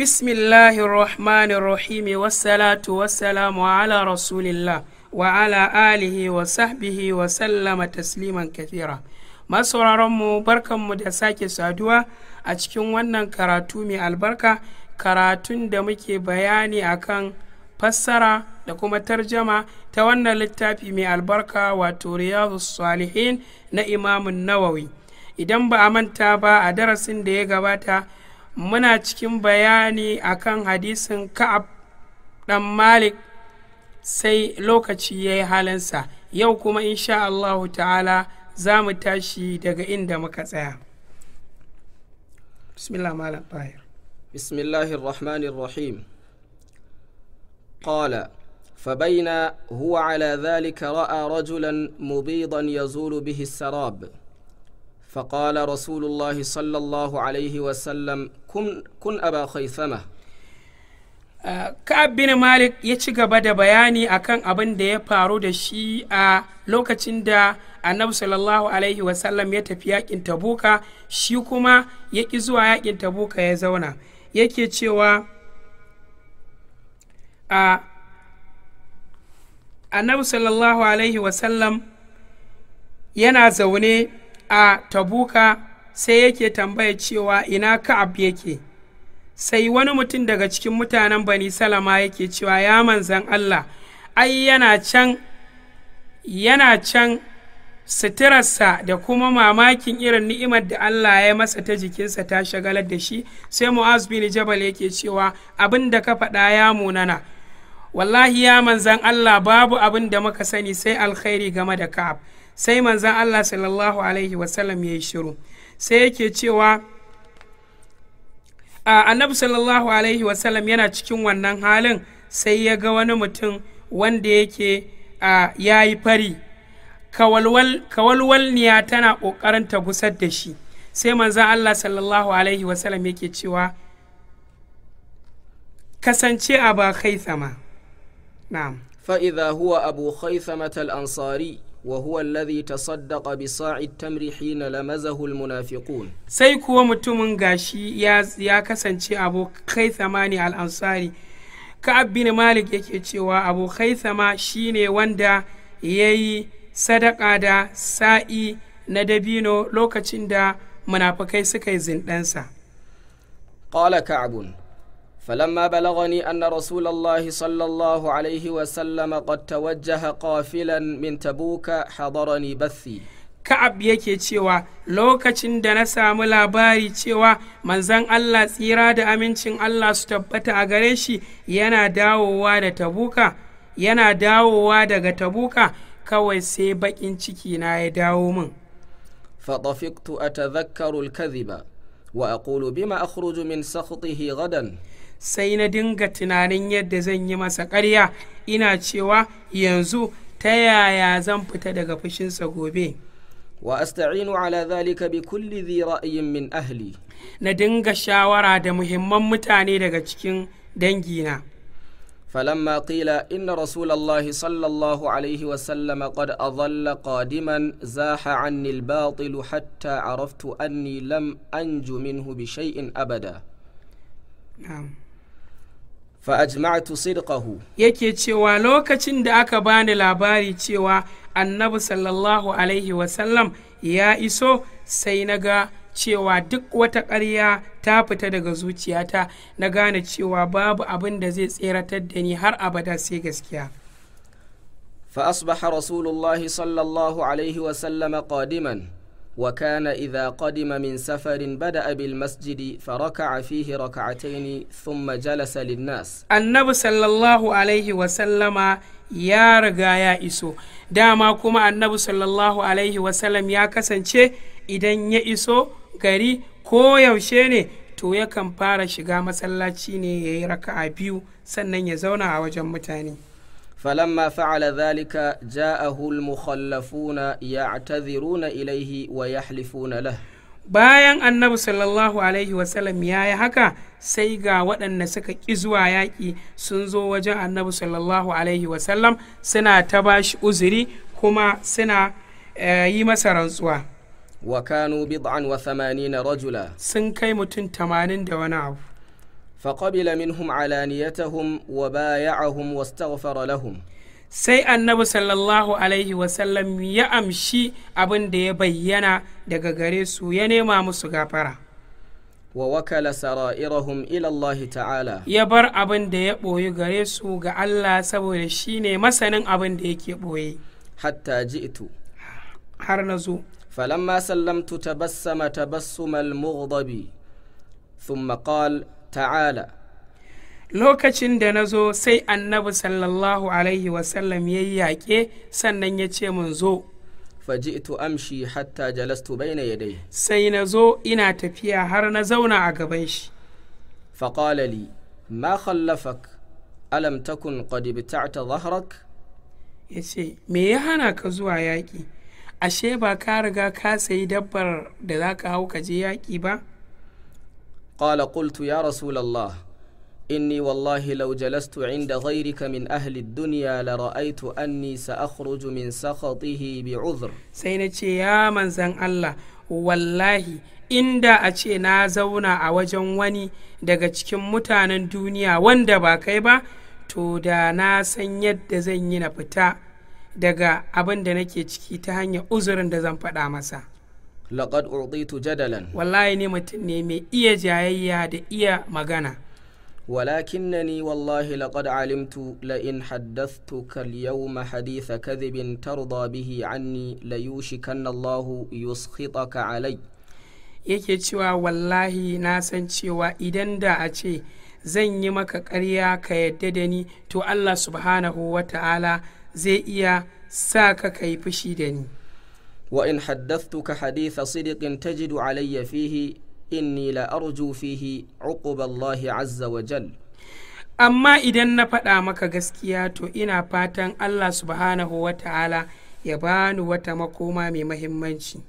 بسم wasalatu wasala الرحيم rasulillah wa'ala alihi wa الله وعلى آله وصحبه tasliman تسليما Masu masauraronmu barkanmu da sake saduwa a cikin wannan karatu mai albarka karatun da muke bayani akan fassara da kuma tarjama ta wannan littafi mai albarka wato riyadu salihin na imamun nawawi idan ba a manta ba a darasin da ya gabata muna cikin bayani akan hadisin ka'ab dan malik sai lokaci ya yi halinsa yau kuma insha Allah ta'ala za mu tashi daga inda muka tsaya bismillah malam bayar bismillahir rahmanir rahim qala فبين هو على ذلك راى رجلا مبيضا يزول به السراب فقال رسول الله صلى الله عليه وسلم كن, كن أبا خيثمة Malik ya ci gaba da bayani akan abin da ya faru da shi a lokacin da Annabi sallallahu alaihi wasallam ya tafi yakin Tabuka shi kuma ya ki zuwa yakin Tabuka ya zauna yake cewa a Annabi sallallahu alaihi wasallam yana zaune a tabuka sai yake tambaya cewa ina ka'ab yake sai wani mutum daga cikin mutanen bani salama yake cewa ya manzan allah ai yana can yana can suturarsa da kuma mamakin irin ni'imar da Allah ya masa ta jikinsa ta shagalar da shi sai mu'az bin jabal yake cewa abin da ka faɗa ya munana wallahi ya manzan Allah babu abin da muka sani sai alkhairi game da ka'ab sai manzan Allah sallallahu alaihi wasallam ya yi shiru sai yake cewa annabi sallallahu alaihi wasallam yana cikin wannan halin sai ya ga wani mutum wanda yake ya yi fari niya tana ƙoƙarin ta gusar da shi sai manzan Allah sallallahu alaihi wasallam yake cewa kasance a ba kai sama fa idza huwa abu khaisamata al-ansari وهو الذي تصدق بصاع التمر حين لمزه المنافقون sai kuwa mutumin gashi ya kasance abokai thamani al-ansari ka'ab bin malik yake cewa abokai thama shine wanda yayi sadaka da sa'i na dabino lokacin da munafikai suka yi zindansa qala ka'abun فلما بلغني أن رسول الله صلى الله عليه وسلم قد توجه قافلا من تبوك حضرني بثي Ka'ab yake cewa lokacin da na samu labari cewa manzon Allah tsira da amincin Allah su tabbata a gare shi yana dawowa da tabuka yana dawowa daga tabuka kawai sai bakin ciki na ya dawo min. Fatafiktu a tazakkarul kaziba wa aqulu bima akhruju min sakhtihi gadan. sai na dinga tunanin yadda zan yi masa ƙarya ina cewa yanzu ta yaya zan fita daga fushinsa gobe wa asta'inu ala zalika bi kulli dhi ra'ayin min ahli na dinga shawara da muhimman mutane daga cikin dangina فلما قيل إن رسول الله صلى الله عليه وسلم قد أظل قادما زاح عني الباطل حتى عرفت أني لم أنج منه بشيء أبدا نعم fa ajma'tu yake cewa lokacin da aka bani labari cewa annabi sallallahu alaihi wasallam ya iso sai na ga cewa duk wata ƙarya ta fita daga zuciyata na gane cewa babu abin da zai tseratar da ni har abada sai gaskiya fa asbaha rasulullahi sallallahu alaihi wasallam qadiman وكان إذا قدم من سفر بدأ بالمسجد فركع فيه ركعتين ثم جلس للناس النبي صلى الله عليه وسلم ya riga ya iso dama kuma annabi sallallahu alaihi wasallam ya kasance idan ya iso gari ko yaushe ne to yakan fara shiga masallaci ne ya yi raka'a biyu sannan ya zauna a wajen mutane فلما فعل ذلك جاءه المخلفون يعتذرون إليه ويحلفون له bayan annabi sallallahu alaihi wasallam ya yi haka sai ga waɗanda suka ƙi zuwa yaƙi sun zo wajen annabi sallallahu alaihi wasallam suna ta shi uzuri kuma suna yi masa rantsuwa wa kanu bid'an wa rajula sun kai mutum tamanin da wani abu فقبل منهم علانيتهم وبايعهم واستغفر لهم sai annabi sallallahu alaihi wasallam ya amshi abin da ya bayyana daga gare su ya nema musu gafara wa wakala sara'irahum ila Allah ta'ala ya bar abin da ya ɓoyi gare su ga Allah saboda shi ne masanin abin da yake ɓoye hatta ji'tu har na zo falamma sallamtu tabassama tabassumal mughdabi thumma qala ta'ala lokacin da na zo sai annabi sallallahu alaihi wasallam ya yi yaƙe sannan ya ce mun zo faji'tu amshi hatta jalastu baina yadai sai na zo ina tafiya har na zauna a gaban shi faqala li ma khallafak alam takun qad ibta'ta yace me ya hana ka zuwa yaƙi ashe ba ka riga ka sayi dabbar da zaka hau ka je yaƙi ba قال قلت يا رسول الله إني والله inda جلست min ahli duniya أهل الدنيا annisa أني سأخرج من سخطه بعذر سينتي يا من زن الله والله inda a ce na zauna a wajen wani daga cikin mutanen duniya wanda ba kai ba to da na san yadda zan yi na fita daga abin da nake ciki ta hanyar uzurin da zan faɗa masa laqad urditu jadalan wallahi ne mutum ne mai iya jayayya da iya magana walakin na ni laƙad wallahi ولكنني والله لقد علمت لئن حدثتك اليوم حديث كذب la به عني ليوشكن الله ka alai yake cewa wallahi na san cewa idan da a ce zan yi maka karya ka yadda da ni to Allah subhanahu wa ta'ala zai iya sa ka kai fushi da ni وإن in حديث صدق تجد علي فيه إني لأرجو فيه عقب الله عز وجل amma idan na faɗa maka gaskiya to ina fatan Allah subhanahu wa ta'ala ya bani wata makoma mai mahimmanci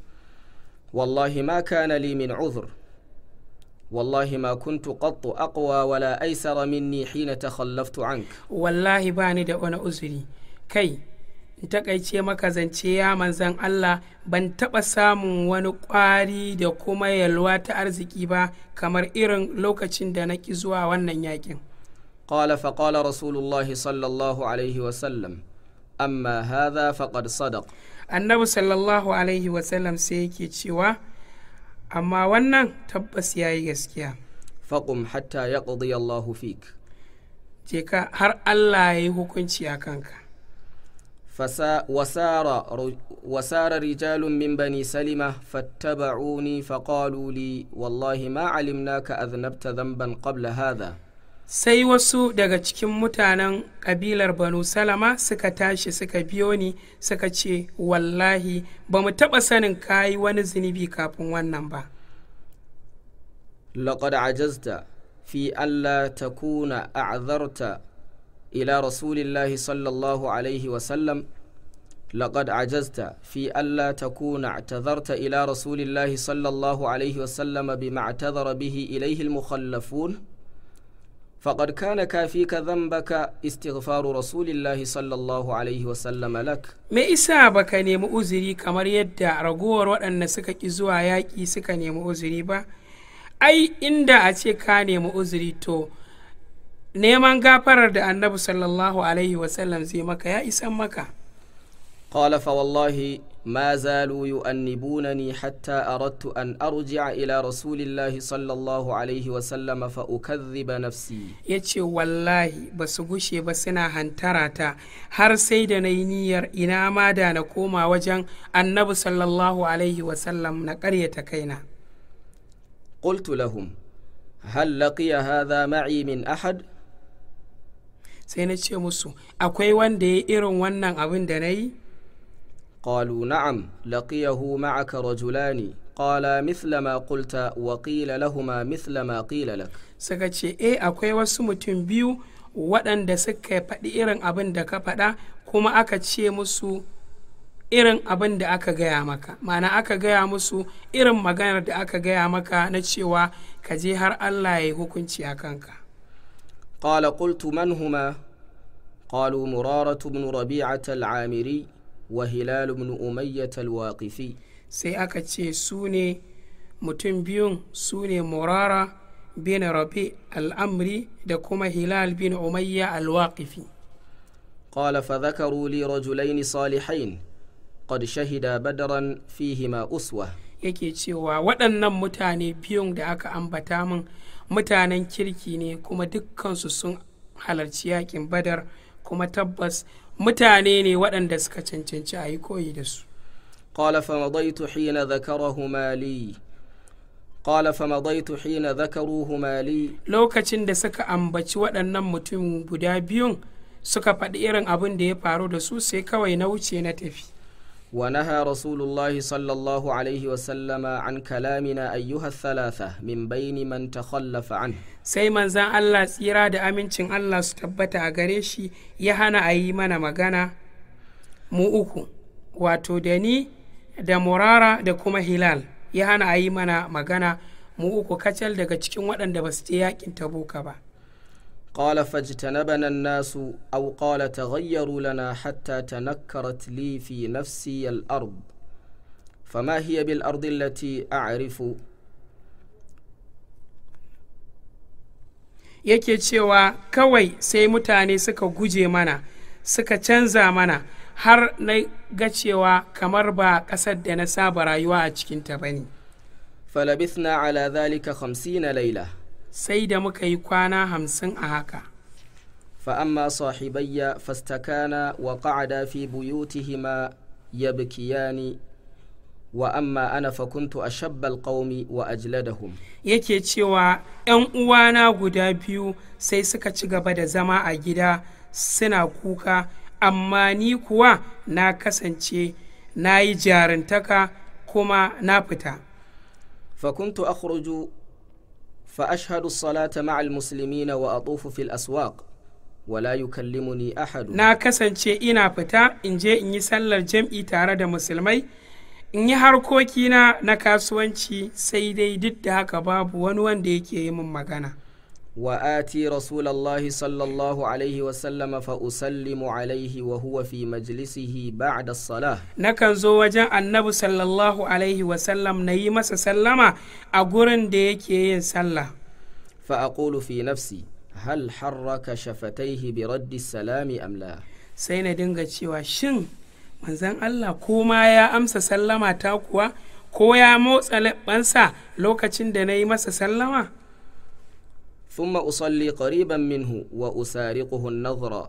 wallahi ma kana li min uzur wallahi ma kuntu qattu aqwa wala aisara minni hina takhallaftu ank wallahi bani da wani uzuri kai in taƙaice maka zance ya manzan Allah ban taɓa samun wani ƙwari da kuma yalwa ta arziki ba kamar irin lokacin da naki zuwa wannan yakin. Ƙala fa ƙala Rasulullahi sallallahu alaihi wa sallam, amma haza faƙad sadaq. Annabi sallallahu alaihi wa sallam sai yake cewa, amma wannan tabbas ya yi gaskiya. Faƙum hatta ya ƙudi Allahu fik. Je har Allah ya yi hukunci a kanka. وسار, رجال من بني سلمة فاتبعوني فقالوا لي والله ما علمناك أذنبت ذنبا قبل هذا sai wasu daga cikin mutanen ƙabilar banu salama suka tashi suka biyo ni suka ce wallahi ba mu taɓa sanin kayi wani zunubi kafin wannan ba laqad ajazta fi Allah ta kuna a'zarta ila rasulillahi sallallahu alaihi wasallam لقد عجزت في ألا تكون اعتذرت إلى رسول الله صلى الله عليه وسلم بما اعتذر به إليه المخلفون فقد كان كافيك ذنبك استغفار رسول الله صلى الله عليه وسلم لك me isa baka nemi uzuri kamar yadda ragowar waɗanda suka ki zuwa yaƙi suka nemi uzuri ba ai inda a ce ka nemi uzuri to neman gafarar da annabi sallallahu alaihi wasallam zai maka ya isan maka qala fa wallahi ma zalu yu'annibunani hatta aradtu an arji'a ila rasulillahi sallallahu alaihi wa sallam fa ukadhiba nafsi yace wallahi basu gushe ba suna hantara ta har sai da nayi niyyar ina ma da na koma wajen annabi sallallahu alaihi wa sallam na karyata kaina qultu lahum هل لقي هذا معي من أحد؟ sai na ce musu akwai wanda ya irin wannan abin da na yi قالوا نعم لقيه معك رجلان قال مثل ما قلت وقيل لهما مثل ما قيل suka ce eh akwai wasu mutum biyu waɗanda suka faɗi irin abin da ka faɗa kuma aka ce musu irin abin da aka gaya maka mana aka gaya musu irin maganar da aka gaya maka na cewa ka je har Allah ya yi hukunci a kanka قال قلت من هما قالوا مرارة بن ربيعة العامري وهلال بن أمية الواقفي sai aka ce su ne mutum biyun su ne murara bin rabi al'amri da kuma hilal bin umayya al-waqifi قال فذكروا لي رجلين صالحين قد شهدا بدرا فيهما أسوة yake cewa waɗannan mutane biyun da aka ambata min mutanen kirki ne kuma dukkansu sun halarci yakin badar kuma tabbas mutane ne waɗanda suka cancanci a yi koyi da su lokacin da suka ambaci waɗannan mutum guda biyun suka faɗi irin abin da ya faru da su sai kawai na wuce na tafi Wanaha رسول الله صلى الله عليه وسلم عن كلامنا أيها الثلاثة من sai manzan Allah tsira da amincin Allah su tabbata a gare shi ya hana a yi mana magana mu uku wato da ni da murara da kuma hilal ya hana a yi mana magana mu uku kacal daga cikin waɗanda ba su je yakin tabuka ba قال فاجتنبنا الناس أو قال تغيروا لنا حتى تنكرت لي في نفسي الأرض فما هي بالأرض التي أعرف yake cewa kawai sai mutane suka guje mana suka canza mana har na ga cewa kamar ba ƙasar da na saba rayuwa a cikinta ba ne. falabithna ala zalika 50 laila sai da muka yi kwana hamsin a haka wa fastakana فأما ya فاستكانا وقعدا في بيوتهما يبكيان fakuntu a فكنت wa القوم وأجلدهم yake cewa ‘yan uwana guda biyu sai suka ci gaba da zama a gida suna kuka amma ni kuwa na kasance na yi jarintaka kuma na fita fakuntu akhruju fa فأشهد الصلاة مع المسلمين وأطوف في aswak wala yukallimuni ahadu na kasance ina fita in je in yi sallar jam'i tare da musulmai in yi harkokina na kasuwanci sai dai duk da haka babu wani wanda yake yi min magana وآتي رسول الله صلى الله عليه وسلم فأسلم عليه وهو في مجلسه بعد الصلاة نكن زو وجن النبي صلى الله عليه وسلم نيي مسا سلما أغورن دا يكي صلى فأقول في نفسي هل حرك شفتيه برد السلام أم لا sai na dinga cewa shin manzan Allah ko ma ya amsa sallama ta kuwa ko ya motsa leɓɓansa lokacin da na yi masa sallama u salli ثم أصلي قريبا منه وأسارقه النظر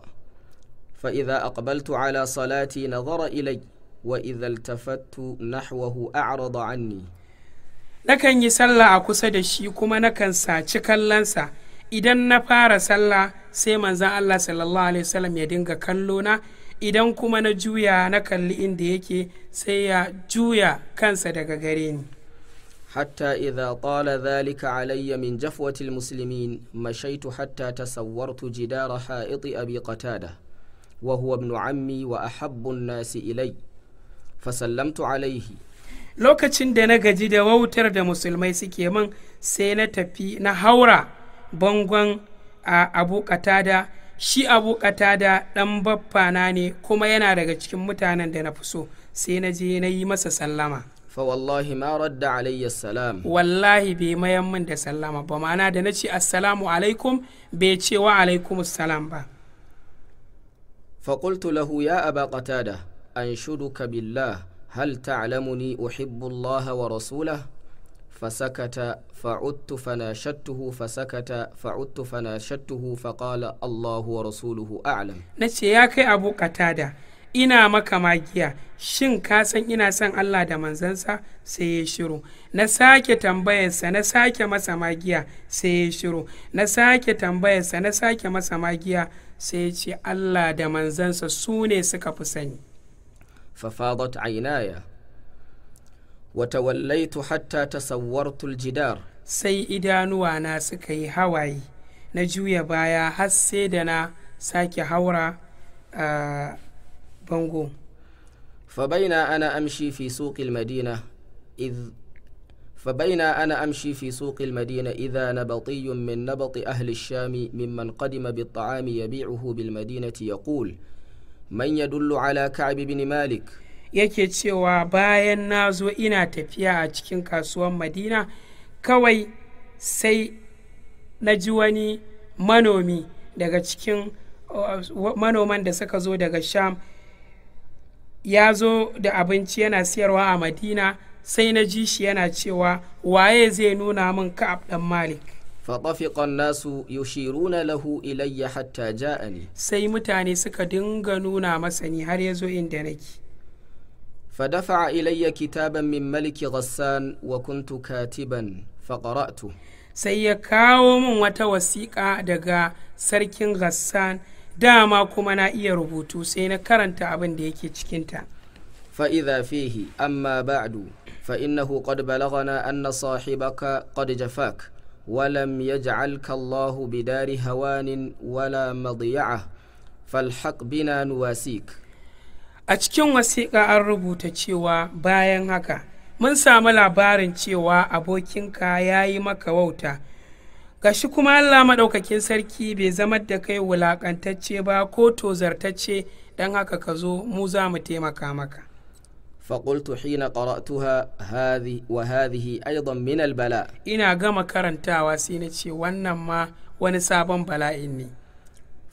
فإذا أقبلت على صلاتي نظر إلي وإذا التفت نحوه أعرض عني nakan yi sallah a kusa da shi kuma nakan saci kallonsa idan na fara sallah sai manzan Allah sallallahu alaihi wasallam ya dinga kallona idan kuma na juya na kalli inda yake sai ya juya kansa daga gare ni hatta idza qala dhalika alayya min jafwati almuslimin mashaitu hatta ta jidara ha'it abi qatada wa huwa ibn ammi wa a habbun nasi ilai fa sallamtu alayhi lokacin da na gaji da wautar da musulmai suke mun sai na tafi na haura bangon abu qatada shi abu qatada dan babba na ne kuma yana daga cikin mutanen da na fi so sai na je na yi masa sallama fa wallahi ma radda alayya wallahi bai mayan min da sallama ba ma'ana da na ce assalamu alaikum bai ce wa alaikum salam ba fa qultu lahu ya aba qatada anshuduka billah hal ta'lamuni uhibbu Allah wa rasulahu فسكت فعدت فناشدته فسكت فعدت فناشدته فقال الله ورسوله أعلم نتي يا كي أبو قتادة ina maka magiya shin ka san ina son Allah da manzansa sai ya shiru na sake tambayarsa na sake masa magiya sai ya shiru na sake tambayarsa na sake masa magiya sai ya ce Allah da manzansa su ne suka fi sani fafadat ainaya wata wallaitu hatta tasawwartu aljidar sai idanuwa na suka yi hawaye na juya baya har sai da na sake haura ah, bango fa baina ana amshi fi suqil madina iz na baina ana amshi fi suqil madina idha min man ahli sham mimman qadima bi ta'ami yabi'uhu bil madinati yaqul man yadullu ala ka'b ibn malik yake cewa bayan na zo ina tafiya a cikin kasuwan madina kawai sai na ji wani manomi daga cikin manoman da suka zo daga sham ya zo da abinci yana siyarwa a madina sai na ji shi yana cewa waye zai nuna min ka malik faɗafiƙon nasu yau shi runa lahu ilayya hatta ja'a sai mutane suka dinga nuna masani har ya zo inda nake faɗafa a ilayya kitaban min maliki ghassan wa katiban faƙaratu sai ya kawo min wata wasiƙa daga sarkin ghassan dama kuma na iya rubutu sai na karanta abin da yake cikinta fa'iza fihi amma ba'du فإنه قد بلغنا أن صاحبك قد جفاك ولم يجعلك الله bidari wala wala مضيعة فالحق بنا nuwasik a cikin wasiƙa an rubuta cewa bayan haka mun samu labarin cewa abokinka ya yi maka wauta shi kuma Allah maɗaukakin sarki bai zama da kai wulaƙantacce ba ko tozartacce don haka ka zo mu za mu taimaka maka. فقلت حين قرأتها wa وهذه aidan من bala. Ina gama karantawa sai na ce wannan ma wani sabon bala'in ne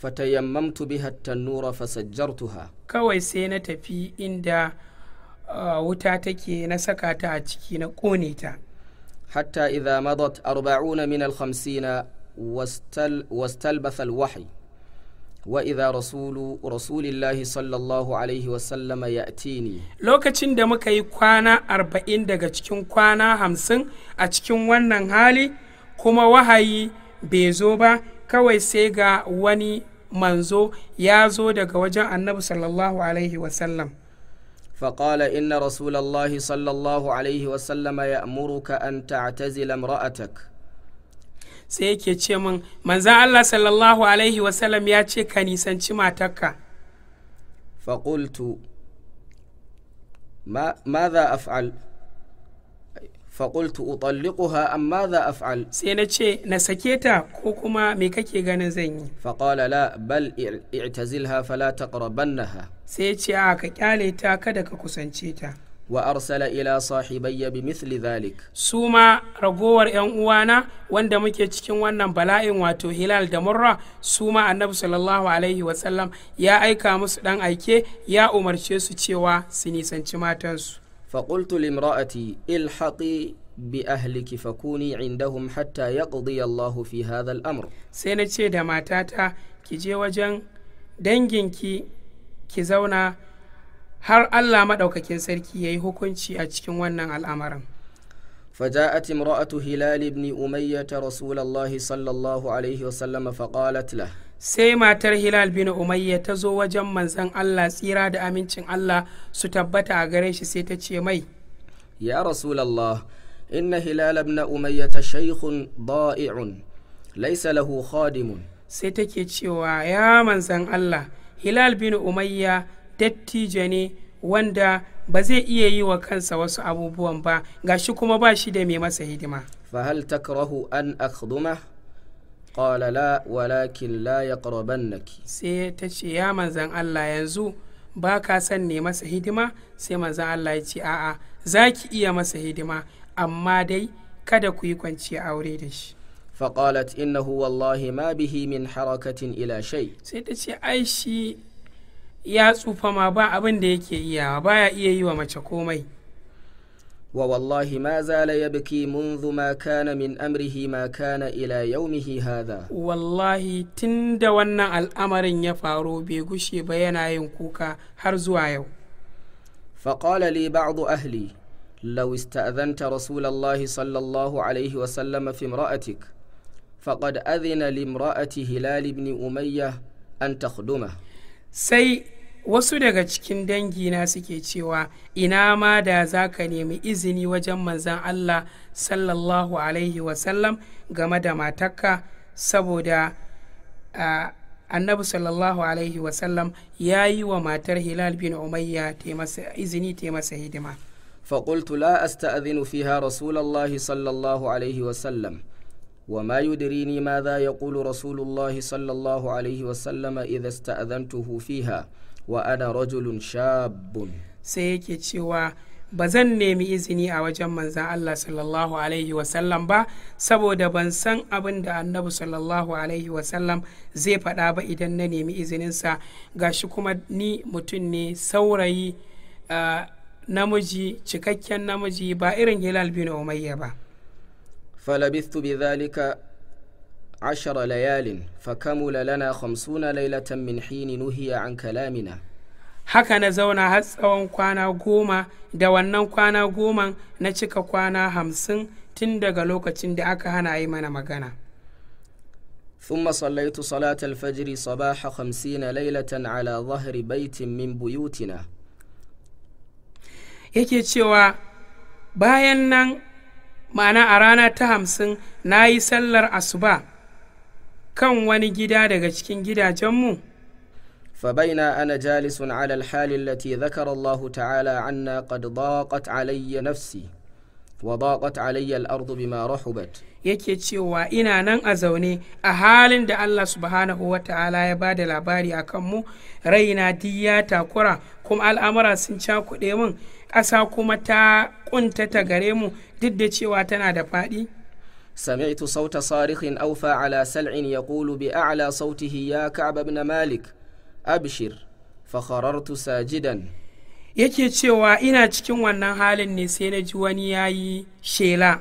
fatayammamtu biha at-tanura fasajjartuha kawai sai na tafi inda uh, wuta take na saka ta a ciki na kone ta hatta إذا مضت أربعون من الخمسين واستل واستلبث الوحي وإذا رسول رسول الله صلى الله عليه lokacin da muka yi kwana arba'in daga cikin kwana hamsin a cikin wannan hali kuma wahayi bai zo ba kawai sai ga wani manzo ya zo daga wajen annabi sallallahu alaihi wasallam فقال إن رسول الله صلى الله عليه وسلم يأمرك أن تعتزل امرأتك sai yake ce min manzan Allah sallallahu alaihi wasallam ya ce ka nisanci matarka faƙultu ma za af'al faƙultu utalliquha amma za af'al sai na ce na sake ta ko kuma me kake ganin zan yi faƙala la bal i'tazilha fala ha sai ce a ka kyale ta kada ka kusance ta wa arsala ila ya bi misli dhalik su ma ragowar yan uwana wanda muke cikin wannan bala'in wato hilal da murra su ma annabi sallallahu alaihi ya aika musu dan aike ya umarce su cewa su nisanci matansu فقلت لامرأتي الحقي بأهلك فكوني عندهم حتى يقضي الله في هذا الأمر سينتشي دا ماتاتا كي جي وجن دنجن كي كي زونا har Allah maɗaukakin sarki ya yi hukunci a cikin wannan al'amarin. فجاءت امرأة هلال بن أمية رسول الله صلى الله عليه وسلم فقالت له sai matar hilal bin umayya ta zo wajen manzan allah tsira da amincin allah su tabbata a gare shi sai ta ce mai ya rasulallah inna hilal bin umayya ta shaikhun da'i'un laisa lahu khadimun sai take cewa ya manzan allah hilal bin umayya dattijo ne wanda ba zai iya yi wa kansa wasu abubuwan ba ga shi kuma ba shi da mai masa hidima fahal takrahu an akhduma Ƙwala la walakin la yaqrabannaki sai ta ce ya manzan Allah yanzu ba ka san ne masa hidima sai manzan Allah ya ce a'a za ki iya masa hidima amma dai kada ku yi kwanciya aure da shi فقالت إنه والله ما به من حركة إلى شيء سيتشي أي شيء ya tsufa ma ba abin da yake iyawa baya iya yi wa mace komai ووالله ما زال يبكي منذ ما كان من أمره ما كان إلى يومه هذا والله تند وانا الأمر يفارو بيغشي بينا ينكوكا هرزوا يوم فقال لي بعض أهلي لو استأذنت رسول الله صلى الله عليه وسلم في امرأتك فقد أذن لامرأة هلال بن أمية أن تخدمه سي wasu daga cikin dangina suke cewa ina ma da za ka nemi izini wajen manzan Allah sallallahu alaihi wasallam game da matakka saboda annabi sallallahu alaihi wasallam ya yi wa matar hilal bin umayya izini ta hidima فقلت لا أستأذن فيها رسول الله صلى الله عليه وسلم وما يدريني ماذا يقول رسول الله صلى الله عليه وسلم إذا استأذنته فيها wa ana rajulun shabun sai yake cewa ba zan nemi izini a wajen manzan Allah sallallahu alaihi wasallam ba saboda ban san abin da annabi sallallahu alaihi wasallam zai faɗa ba idan na nemi izininsa gashi kuma ni mutum ne saurayi namiji cikakken namiji ba irin hilal bin umayya ba falabistu bi zalika عشر ليال فكمل لنا خمسون ليلة من حين نهي عن كلامنا haka na zauna har tsawon kwana goma da wannan kwana goma na cika kwana hamsin tun daga lokacin da aka hana yi mana magana ثم صليت صلاة الفجر صباح خمسين ليلة على ظهر بيت من بيوتنا yake cewa bayan nan ma'ana a rana ta hamsin na yi sallar asuba kan wani gida daga cikin gidajenmu فبينا أنا جالس على الحال التي ذكر الله تعالى عنا قد ضاقت nafsi نفسي وضاقت علي الأرض ma رحبت yake cewa ina nan a zaune a halin da Allah subhanahu wa ta'ala ya ba da labari a kanmu raina ya takura kuma al'amura sun cakuɗe min ƙasa kuma ta ƙuntata gare mu duk da cewa tana da faɗi سمعت صوت صارخ أوفى على سلع يقول بأعلى صوته يا كعب بن مالك أبشر فخررت ساجدا yake cewa ina cikin wannan halin ne sai na ji wani ya yi shela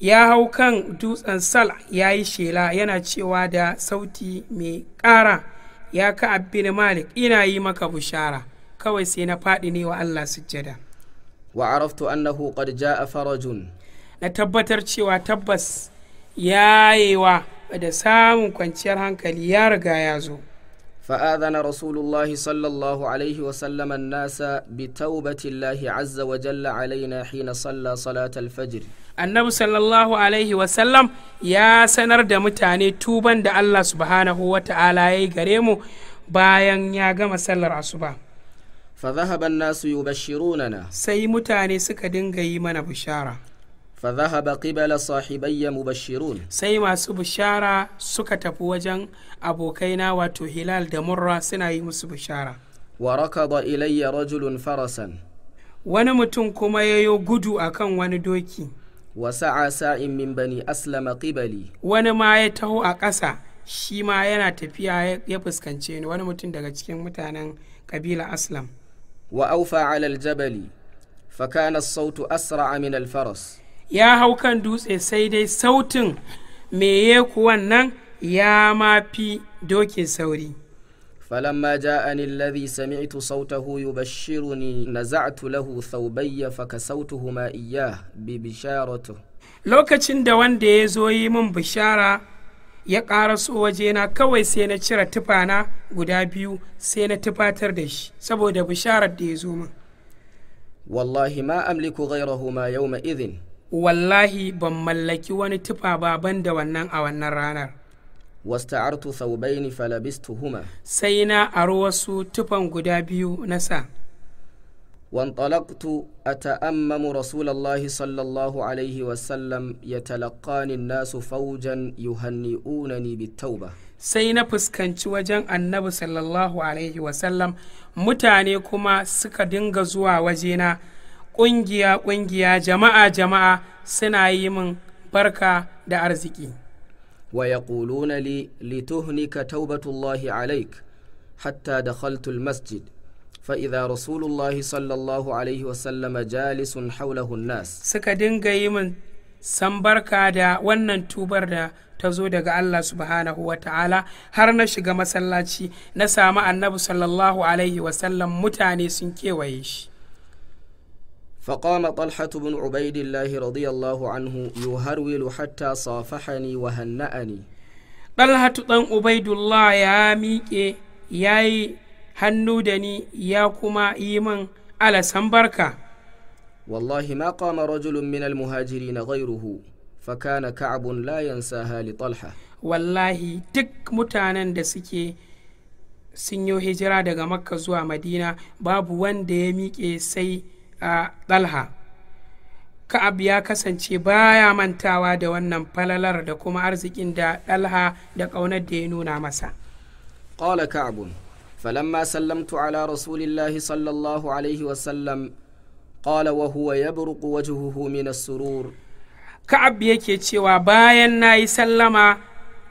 ya hau kan dutsen sal ya yi shela yana cewa da sauti mai ƙara ya ka abin malik ina yi maka bushara kawai sai na faɗi ne wa allah sujjada wa araftu annahu qad ja'a farajun na tabbatar cewa tabbas yayewa da samun kwanciyar hankali ya riga ya zo فآذن رسول الله صلى الله عليه وسلم الناس بتوبة الله عز وجل علينا حين صلى صلاة الفجر النبي صلى الله da mutane tuban da Allah subhanahu wa ta'ala yayi gare mu bayan ya gama sallar asuba na فذهب الناس na. sai mutane suka dinga yi mana bishara فذهب قبل صاحبي مبشرون sai masu bishara suka tafi wajen abokaina wato hilal da murra suna yi musu bishara وركض إلي rajulun Farasan. wani mutum kuma ya yo gudu akan wani doki وسعى ساء من بني أسلم wani ma ya taho a ƙasa shi ma yana tafiya ya fuskance ni wani mutum daga cikin mutanen ƙabila aslam wa aufa alal jabali fakana sautu asra'a min Faras. ya hau kan dutse sai dai sautin meye kuwan nan ya mafi dokin sauri a جاءني الذي سمعت صوته يبشرني نزعت له ثوبي فكسوتهما إياه tu. lokacin da wanda ya zo yi min bishara ya waje na kawai sai na cire tufana guda biyu sai na tufatar da shi saboda bisharar da ya zo min wallahi ma amliku yau ma idhin wallahi ban mallaki wani tufa ba ban da wannan a wannan ranar wasta'artu thawbayn tuhuma. sai na aro wasu tufan guda biyu na sa وانطلقت أتأمم رسول ya صلى ni nasu وسلم يتلقاني una ni bi tauba. sai na fuskanci wajen annabi sallallahu alaihi wasallam mutane kuma suka dinga zuwa wajena ƙungiya ƙungiya jama'a jama'a suna yi min barka da arziki wa na li lituhnika taubatullahi alaik hatta dakhaltu almasjid فإذا رسول sallallahu alaihi wa عليه وسلم جالس haula الناس suka dinga yi min sambarka da wannan tubar da ta zo daga Allah subhanahu wa ta'ala har na shiga masallaci na sami annabi sallallahu alaihi sallam, mutane sun kewaye shi فقام طلحة بن عبيد الله anhu الله عنه يهرول حتى ni وهنأني طلحة بن عبيد الله يا ميكي ياي hannu da ni ya kuma yi min alasan barka. Wallahi ma kama rajulun min almuhajiri na ghairuhu fakana ka'abun layan hali talha. Wallahi duk mutanen da suke sun yi hijira daga makka zuwa madina babu wanda ya miƙe sai a ɗalha ka'ab ya kasance baya mantawa da wannan falalar da kuma arzikin da ɗalha da ƙaunar da ya nuna masa ƙala ka'abun falamma sallamtu ala rasulillahi sallallahu alaihi wasallam ƙala wa huwa ya burku wajuhuhu min surur ka'ab yake cewa bayan na yi sallama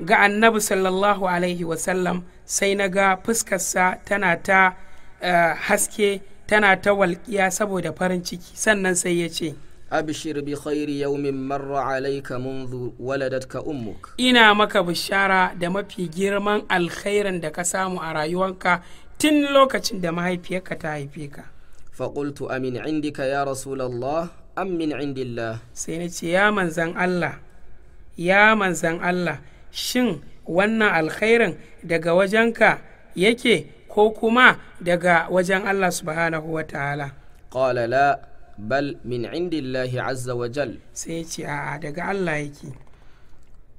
ga annabi sallallahu alaihi wasallam sai na ga fuskarsa tana ta eh, haske tana ta walƙiya saboda farin ciki sannan sai ya ce abishir bi khairi yawmin marra alayka munzu waladatka ummuk ina maka bishara da mafi girman alkhairin da ka samu a rayuwanka tun lokacin da mahaifiyarka ta haife ka faqultu amin indika ya rasulallah amin indillah sai na ce ya manzan Allah ya manzan Allah shin wannan alkhairin daga wajenka yake ko kuma daga wajen Allah subhanahu wa ta'ala. Qala la bal min indillahi azza wa jal. Sai ce a daga Allah yake.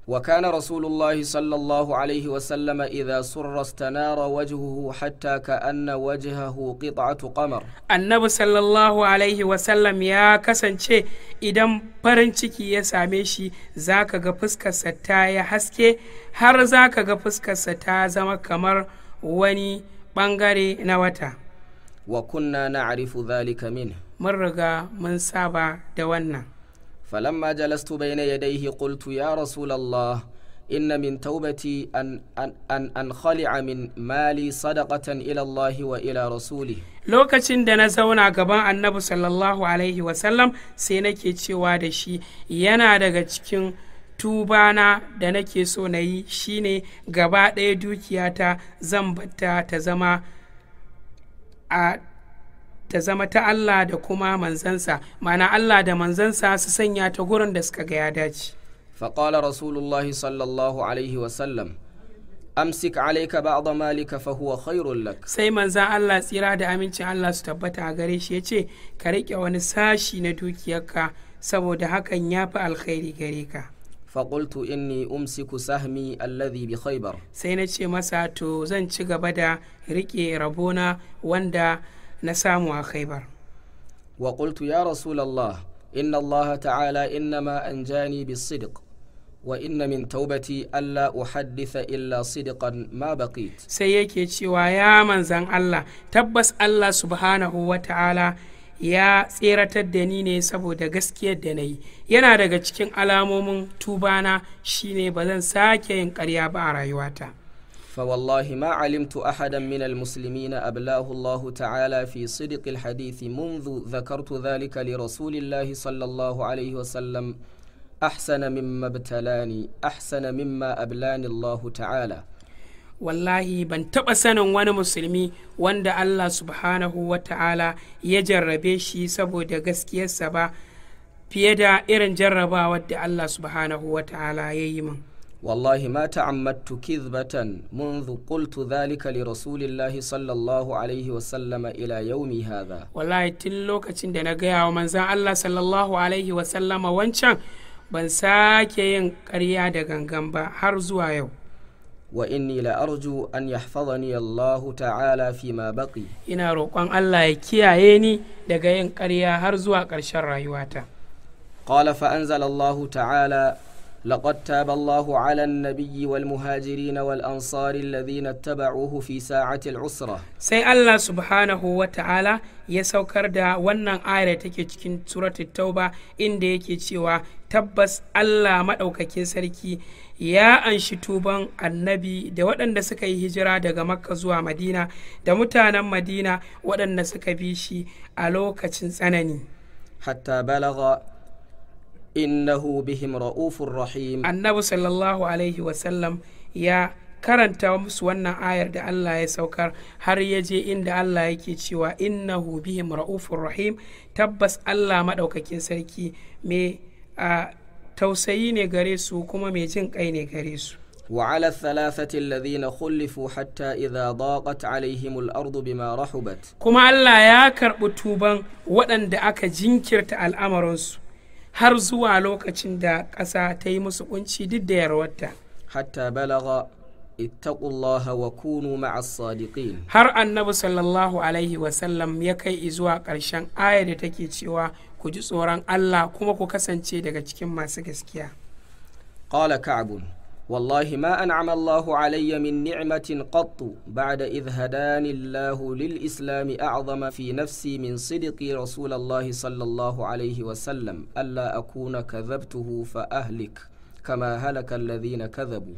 Wa kana Rasulullahi sallallahu alaihi wa sallama idza surra istanara wajhuhu hatta ka anna wajhahu qit'atu qamar. Annabi sallallahu alaihi wa sallam ya kasance idan farin ciki ya same shi zaka ga fuskarsa ta ya haske har zaka ga fuskarsa ta zama kamar wani bangare na wata wa kunna na na'rifu zalika min mun riga mun saba da wannan falamma jalastu baina yadayhi qultu ya rasulallah inna min taubati an an khali'a min mali sadaqatan ila Allah wa ila rasuli lokacin da na zauna gaban annabi sallallahu alaihi wasallam sai nake cewa da shi yana daga cikin tubana da nake so na yi shine gaba ɗaya dukiyata zan batta ta zama a ta zama ta Allah da kuma manzansa mana Allah da manzansa su sanya ta gurin da suka ga ya dace faƙala rasulullahi الله صلى الله amsik alaika ba'd malika fa huwa khairul lak sai manzan Allah tsira da amincin Allah su tabbata a gare shi yace ka rike wani sashi na dukiyarka saboda hakan yafi alkhairi gare ka faƙultu inni umsiku sahmi alladhi bi khaybar sai na ce masa to zan ci gaba da riƙe rabona wanda na samu a khaybar wa qultu ya rasulallah inna allah ta'ala innama anjani bisidq wa inna min taubati alla uhadditha illa sidqan ma baqit sai yake cewa ya manzan Allah tabbas Allah subhanahu wa ta'ala ya tseratar da ni ne saboda gaskiyar da na yana daga cikin alamomin tuba na shine ba zan sake yin karya ba a rayuwata fa wallahi ma alimtu ahadan min almuslimina ablahu allah ta'ala fi sidiq alhadith munzu dhakartu dhalika li rasulillah sallallahu alayhi wa sallam ahsana mimma abtalani ahsana mimma ablani ta'ala wallahi ban taɓa sanin wani musulmi wanda Allah subhanahu wa ta'ala ya jarrabe shi saboda gaskiyarsa ba fiye da irin jarrabawa da Allah subhanahu wa ta'ala ya yi min. wallahi ma ta'ammattu kizbatan منذ قلت ذلك لرسول sallallahu alaihi wa عليه ila yau يوم هذا wallahi tun lokacin da na gaya wa manzon Allah sallallahu alaihi wa sallama wancan ban sake yin ƙarya da gangan ba har zuwa yau wa inni la arju an yahfazani Allahu ta'ala fi ma baqi ina roƙon Allah ya kiyaye ni daga yin ƙarya har zuwa ƙarshen rayuwata qala fa anzal Allah ta'ala laqad taba Allah 'ala an-nabiy wal muhajirina wal ansar alladhina ittaba'uhu fi sa'ati al-usra sai Allah subhanahu wa ta'ala ya saukar da wannan aya take cikin suratul tauba inda yake cewa tabbas Allah madaukake sarki ya anshi tuban annabi da waɗanda suka yi hijira daga makka zuwa madina da mutanen madina waɗanda suka bi shi a lokacin tsanani hatta balaga innahu bihim ra'ufur rahim annabi sallallahu alaihi wasallam ya karanta musu wannan ayar da Allah ya saukar har ya je inda Allah yake cewa innahu bihim ra'ufur rahim tabbas Allah maɗaukakin sarki me a tausayi ne gare su kuma mai jin kai ne gare su وعلى الثلاثة الذين خلفوا حتى إذا ضاقت عليهم الأرض بما رحبت كما الله يا كرب توبان ودن دا أكا جنكرت الأمرنس har zuwa lokacin da ƙasa ta yi musu ƙunci duk da yarwarta. Hatta balaga ittaqullaha wa kunu ma'as sadiƙin. Har Annabi sallallahu ya kai zuwa ƙarshen ayar da take cewa ku ji tsoron Allah kuma ku kasance daga cikin masu gaskiya ƙala ka'abun wallahi ma an'ama Allahu alayya min ni'matin qatt ba'da idh hadani Allahu lil islami a'zama fi nafsi min sidqi rasulullah sallallahu alayhi wa sallam alla akuna kadhabtuhu fa ahlik kama halaka alladhina kadhabu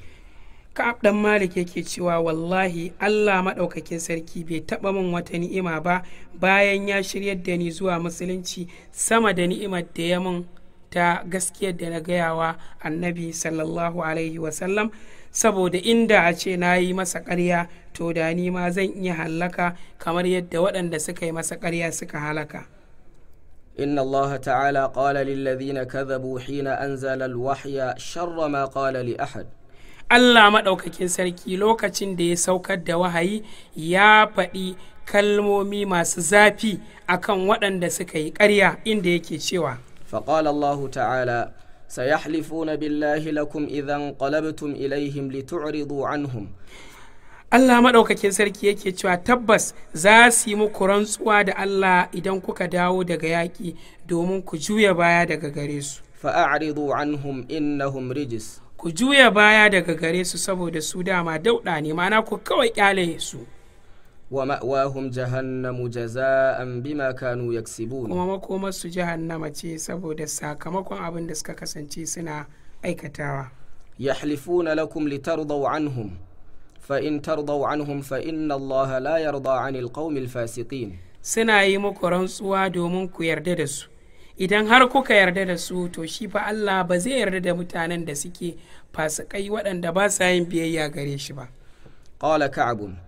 ka'ab dan malik yake cewa wallahi allah maɗaukakin sarki bai taɓa min wata ni'ima ba bayan ya shiryar da ni zuwa musulunci sama da ni'imar da ya min ta gaskiyar da na gayawa annabi sallallahu alaihi wasallam saboda inda a ce na yi masa ƙarya to da ni ma zan iya hallaka kamar yadda waɗanda suka yi masa karya suka halaka إن الله تعالى قال للذين كذبوا حين أنزل الوحي شر ما قال لأحد Allah maɗaukakin sarki lokacin da ya saukar da wahayi ya faɗi kalmomi masu zafi a kan waɗanda suka yi ƙarya inda yake cewa فقال الله na billahi lakum لكم إذا ilaihim li لتعرضوا anhum Allah maɗaukakin sarki yake cewa tabbas za su yi muku rantsuwa da Allah idan kuka dawo daga yaƙi domin ku juya baya daga gare su. Fa'aridu anhum innahum rijis. ku juya baya daga gare su saboda su dama dauɗa ne mana ku kawai kyale su wa ma'wahum jahannamu jaza'an bima kanu yaksibun kuma makomar su jahannama ce saboda sakamakon abin da suka kasance suna aikatawa yahlifuna lakum litardaw anhum fa in tardaw anhum fa inna Allah la yarda 'anil qawmil fasiqin suna yi muku rantsuwa domin ku yarda da su idan har kuka yarda da su to shi fa Allah ba zai yarda da mutanen da suke fasikai waɗanda ba sa yin biyayya gare shi ba qala ka'abun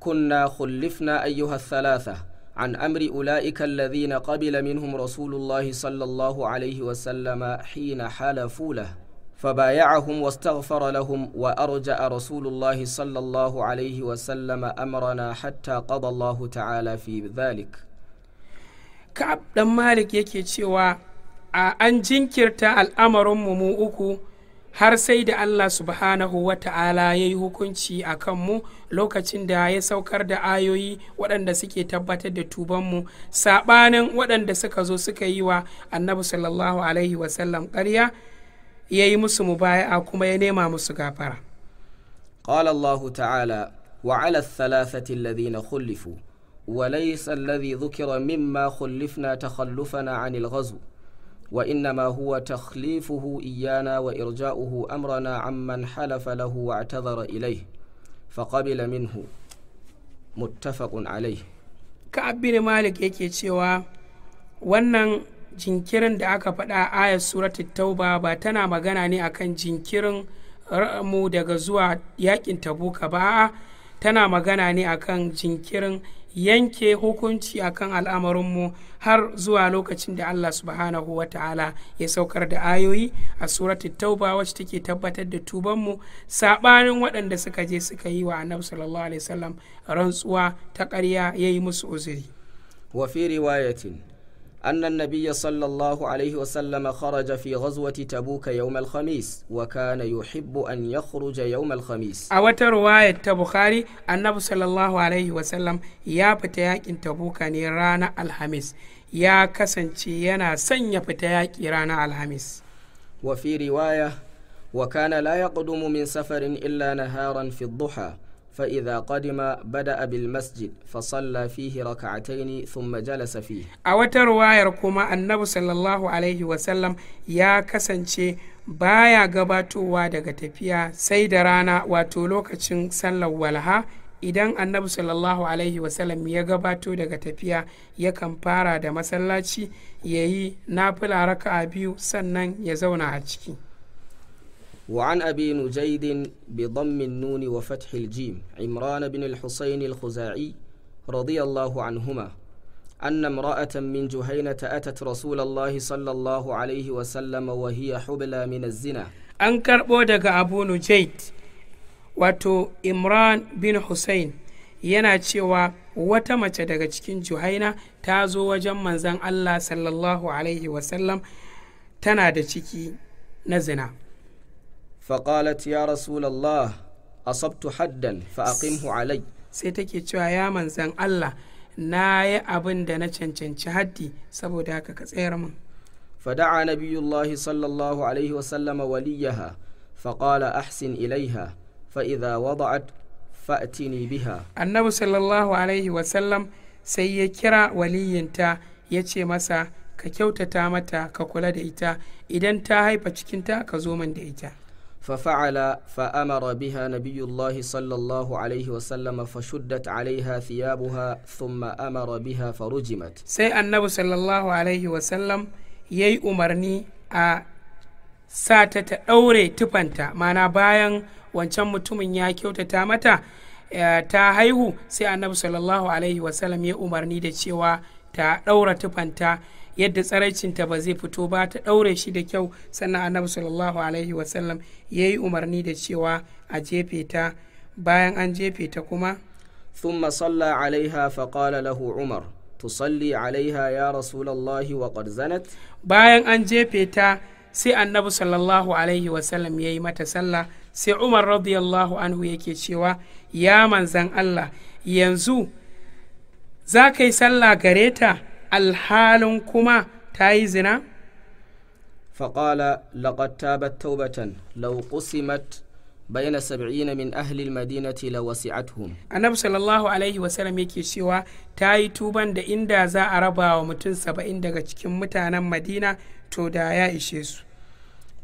kunna khullifna ayyuhas thalatha an amri ulaika alladhina qabila minhum rasulullahi sallallahu alaihi wa sallama hina halafu lahu فبايعهم واستغفر لهم وأرجأ رسول الله صلى الله عليه وسلم أمرنا حتى قضى الله تعالى في ذلك kab dan malik yake cewa a an jinkirta al'amarin mu uku har sai da Allah subhanahu wa ta'ala ya yi hukunci a kanmu lokacin da ya saukar da ayoyi waɗanda suke tabbatar da tubanmu saɓanin waɗanda suka zo suka yi wa annabi sallallahu alaihi wasallam ƙarya ya yi musu mu baya a kuma ya nema musu gafara. ƙalallahu ta'ala تعالى وعلى وليس الذي ذكر مما خلفنا تخلفنا عن الغزو وإنما هو تخليفه إيانا وإرجاؤه أمرنا عمن حلف له واعتذر إليه فقبل منه متفق عليه كعب بن مالك يكي cewa wannan jinkirin da aka faɗa a ayar surat tauba ba tana magana ne akan jinkirin ra'amu daga zuwa yakin tabuka ba tana magana ne akan jinkirin yanke hukunci akan al'amarinmu har zuwa lokacin da Allah subhanahu wa ta'ala ya saukar da ayoyi a suratul tauba wacce take tabbatar da tubanmu saɓanin waɗanda suka je suka yi wa annabi sallallahu alaihi wasallam rantsuwa ta ƙarya ya yi musu uzuri wa fi riwayatin أن النبي صلى الله عليه وسلم خرج في غزوة تبوك يوم الخميس وكان يحب أن يخرج يوم الخميس أوت رواية بخاري النبي صلى الله عليه وسلم يا بتياك إن تبوك نيران الخميس يا كسن ينا سن يبتياك إيران الخميس وفي رواية وكان لا يقدم من سفر إلا نهارا في الضحى فإذا قدم بدأ بالمسجد فصلى فيه ركعتين ثم جلس فيه a wata ruwayar kuma annabi الله عليه وسلم ya kasance baya gabatowa daga tafiya sai da rana wato lokacin sallar idan annabi sallallahu alaihi wasallam ya gabato daga tafiya yakan fara da masallaci ya yi nafila raka'a biyu sannan ya zauna a ciki وعن أبي نجيد بضم النون وفتح الجيم عمران بن الحسين الخزاعي رضي الله عنهما أن امرأة من جهينة أتت رسول الله صلى الله عليه وسلم وهي حبلى من الزنا an karɓo daga abu wato imran bin hussein yana cewa wata mace daga cikin juhaina ta zo wajen manzan allah sallallahu alaihi wasallam tana da ciki na zina فقالت يا رسول الله أصبت حدا فأقمه علي sai take cewa ya manzan Allah na yi abin da na cancanci haddi saboda haka ka tsayar min فدعا نبي الله صلى الله عليه وسلم وليها فقال أحسن إليها فإذا وضعت فأتني بها النبي صلى الله عليه وسلم sai ya kira waliyinta ya ce masa ka kyautata mata ka kula da ita idan ta haifa cikinta ka zo min da ita ففعل فأمر بها نبي الله صلى الله عليه وسلم فشدت عليها ثيابها ثم أمر بها فرجمت سي النبي صلى الله عليه وسلم يي أمرني أ sata ta ɗaure tufanta mana bayan wancan mutumin ya eh, ta haihu sai annabi sallallahu alaihi wasallam ya umarni da cewa ta ɗaura tufanta yadda tsaraicinta ba zai fito ba ta ɗaure shi da kyau sannan annabi sallallahu alaihi wasallam ya yi umarni da cewa a jefe ta bayan an jefe ta kuma ثم صلى عليها فقال له عمر تصلي عليها يا رسول الله وقد زنت bayan an jefe ta sai annabi sallallahu alaihi wasallam ya yi mata sallah sai umar radiyallahu anhu yake cewa ya manzan allah yanzu za ka yi sallah gare ta alhalin kuma ta yi zina فقال لقد baina توبة min قسمت بين سبعين من أهل المدينة لوسعتهم النبي صلى الله عليه وسلم yake cewa ta yi tuban da inda za a raba wa mutum saba'in daga cikin mutanen madina to da ya ishe su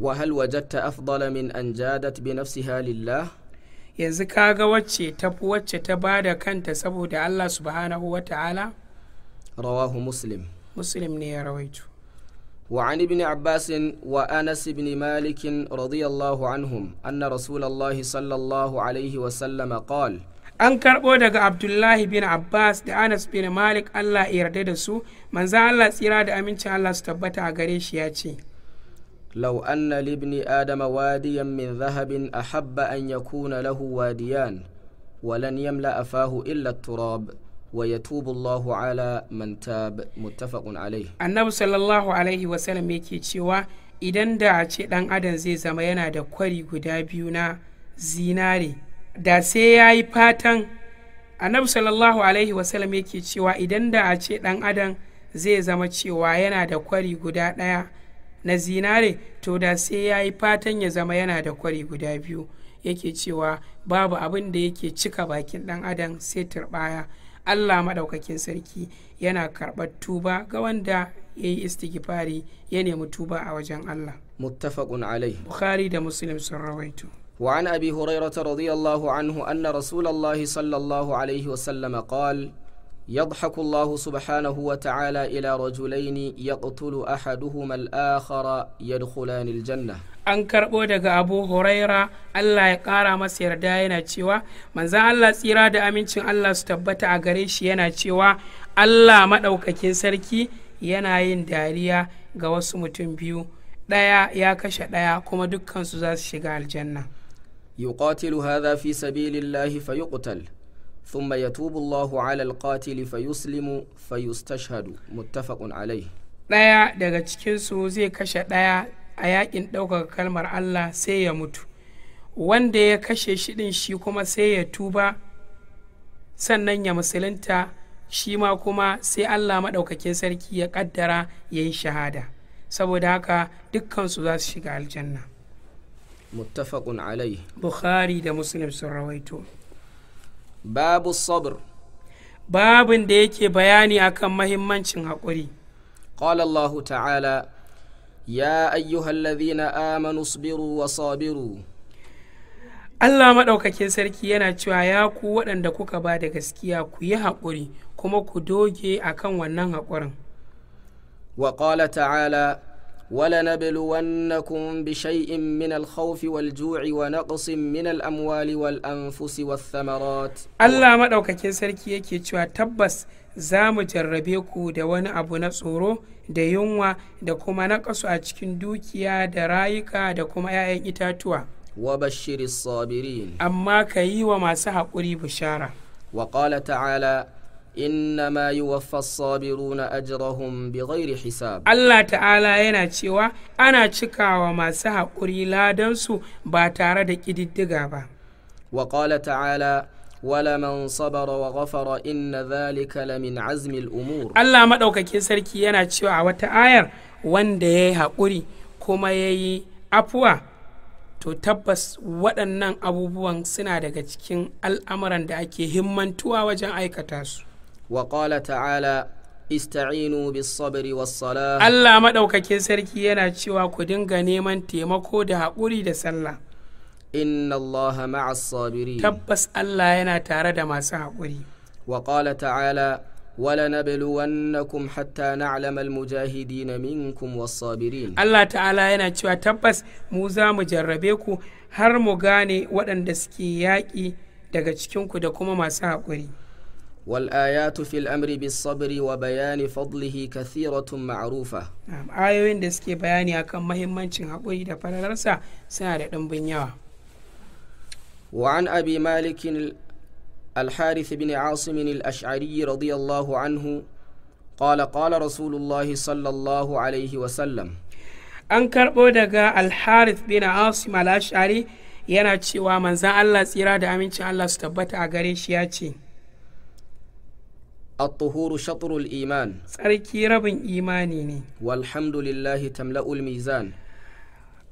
wahal wajatta afdala min an jadat bi nafsiha lillah yanzu kaga wacce tafi wacce ta bada kanta saboda Allah subhanahu rawahu muslim muslim ne ya rawaito وعن ابن عباس وانس بن مالك رضي الله عنهم ان رسول الله صلى الله عليه وسلم قال an karɓo daga abdullahi bin abbas da anas bin malik allah ya yarda da su manzan allah tsira da amincin allah su tabbata a gare shi ya ce لو أن لابن آدم واديا من ذهب أحب أن يكون له واديان ولن يملأ فاه إلا التراب wa yatubullahu ala man tab muttafaqun alaihi annabi sallallahu alaihi wa wasallam yake cewa idan da a ce dan adam zai zama yana da kwari guda biyu na zinare da sai ya yi fatan annabi sallallahu alaihi wa wasallam yake cewa idan da a ce dan adam zai zama cewa yana da kwari guda ɗaya na zinare to da sai ya yi fatan ya zama yana da kwari guda biyu yake cewa babu abin da yake cika bakin ɗan adam sai turɓaya allah maɗaukakin sarki yana karɓar tuba ga wanda ya yi istighfari ya nemi tuba a wajen allah muttafaqun alai bukhari da muslim sun rawaito وعن أبي هريرة رضي الله عنه أن رسول الله صلى الله عليه وسلم قال يضحك الله سبحانه وتعالى إلى رجلين يقتل أحدهما الآخر يدخلان الجنة an karɓo daga abu huraira allah ya ƙara masa yarda yana cewa manzan allah tsira da amincin allah su tabbata a gare shi yana cewa allah maɗaukakin sarki yana yin dariya ga wasu mutum biyu ɗaya ya kashe ɗaya kuma dukkansu za su shiga aljanna يقاتل هذا في سبيل الله فيقتل ثم يتوب الله على القاتل فيسلم فيستشهد متفق عليه ɗaya daga cikinsu zai kashe daya. a yakin ɗaukaka kalmar Allah sai ya mutu wanda ya kashe shi ɗin shi kuma sai ya tuba sannan ya musulunta shi ma kuma sai Allah maɗaukakin sarki ya ƙaddara ya yi shahada saboda haka dukkansu za su shiga aljanna muttafaqun alai bukhari da muslim sun rawaito babu sabr babin da yake bayani akan mahimmancin haƙuri qala Allah ta'ala Ya يا أيها amanu sabiru wa sabiru Allah maɗaukakin sarki yana cewa ya ku waɗanda kuka ba da gaskiya ku yi haƙuri kuma ku doge akan wannan haƙurin. Wa ƙala ta'ala, wala na kun bi shay'in min alkhawfi wal ju'i wa naqsin min al'amwali wal anfusi wa thamarat. Allah maɗaukakin sarki yake cewa tabbas za mu jarrabe ku da wani abu na tsoro da yunwa da kuma naƙasu a cikin dukiya da rayuka da kuma 'ya'yan itatuwa wa bashiri sabirin amma ka yi wa masu haƙuri bishara wa ƙala ta'ala innama yuwaffa sabiruna ajrahum bigairi hisab Allah ta'ala yana cewa ana cikawa masu haƙuri ladansu ba tare da ƙididdiga ba wa ƙala ta'ala ولمن gafara وغفر إن ذلك لمن عزم umur. Allah Maɗaukakin Sarki yana cewa a wata ayar wanda yayi haƙuri kuma yayi afuwa to tabbas waɗannan abubuwan suna daga cikin al'amuran da ake himmantuwa wajen aikata su wa qala ta'ala ista'inu bis sabri was Allah Maɗaukakin sarki yana cewa ku dinga neman taimako da haƙuri da sallah inna Allah ma'as sabiri tabbas Allah yana tare da masu haƙuri wa ƙala ta'ala wala nabluwannakum hatta na almujahidin minkum was-sabirin Allah ta'ala yana cewa tabbas mu za mu jarrabe ku har mu gane waɗanda suke yaƙi daga cikin ku da kuma masu haƙuri والآيات في الأمر بالصبر وبيان فضله كثيرة da suke bayani akan mahimmancin haƙuri da fararsa suna da ɗumbin yawa. وعن أبي مالك الحارث بن عاصم الأشعري رضي الله عنه قال قال رسول الله صلى الله عليه وسلم an karɓo daga alharith bin asim al-ash'ari yana cewa manzan allah tsira da amincin allah su tabbata a gare shi ya ce الطهور شطر الإيمان سركي رب إيماني والحمد لله تملأ الميزان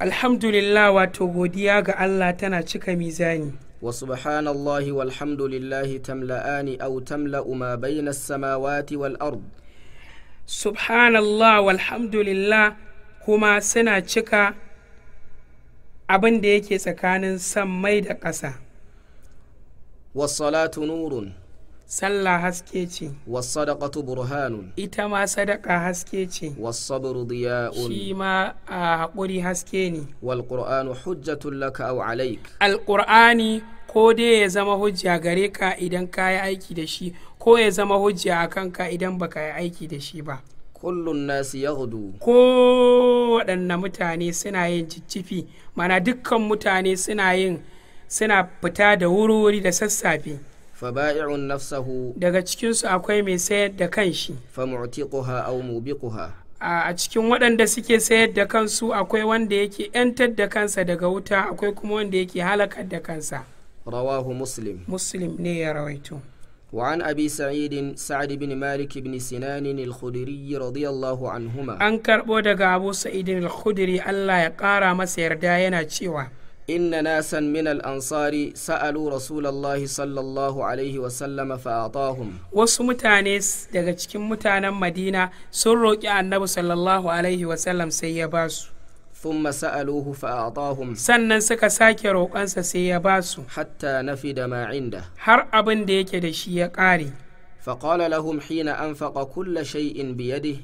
alhamdulillah wato godiya ga Allah tana cika mizani wa subhanallahi walhamdulillahi tamla'ani aw tamla'u ma bayna samawati wal ard subhanallah walhamdulillah kuma suna cika abin da yake tsakanin sammai da ƙasa wasalatu nurun sallah haske ce wasadaqatu burhanun ita ma sadaka haske ce wasabru diya'un shi ma a hakuri haske ne wal qur'anu hujjatun laka aw alayk al qur'ani ko dai ya zama hujja gare ka idan ka yi aiki da shi ko ya zama hujja a kanka idan baka yi aiki da shi ba kullun nasi yaghdu ko waɗanne mutane suna yin ciccifi mana dukkan mutane suna yin suna fita da wuri-wuri da sassafe faba'i'un nafsahu daga cikinsu akwai mai sayar da kanshi Fa mu'tiquha aw mubiquha a cikin waɗanda suke sayar da kansu akwai wanda yake yantar da kansa daga wuta akwai kuma wanda yake halakar da kansa rawahu muslim muslim ne ya rawaito وعن أبي سعيد سعد بن مالك بن سنان الخدري رضي الله عنهما أنكر بودك أبو سعيد الخدري الله يقارى مسير داينا تشيوه إن ناسا من ansari سألوا رسول الله صلى الله عليه وسلم فأعطاهم وسمتاني daga cikin mutanen Madina sun roƙi Annabi sallallahu alaihi wasallam sai ya basu thumma sa'aluhu fa'atahum sannan suka sake roƙonsa sai ya basu hatta nafida ma inda har abin da yake da shi ya ƙare faqala lahum hina anfaqa kulla shay'in biyade.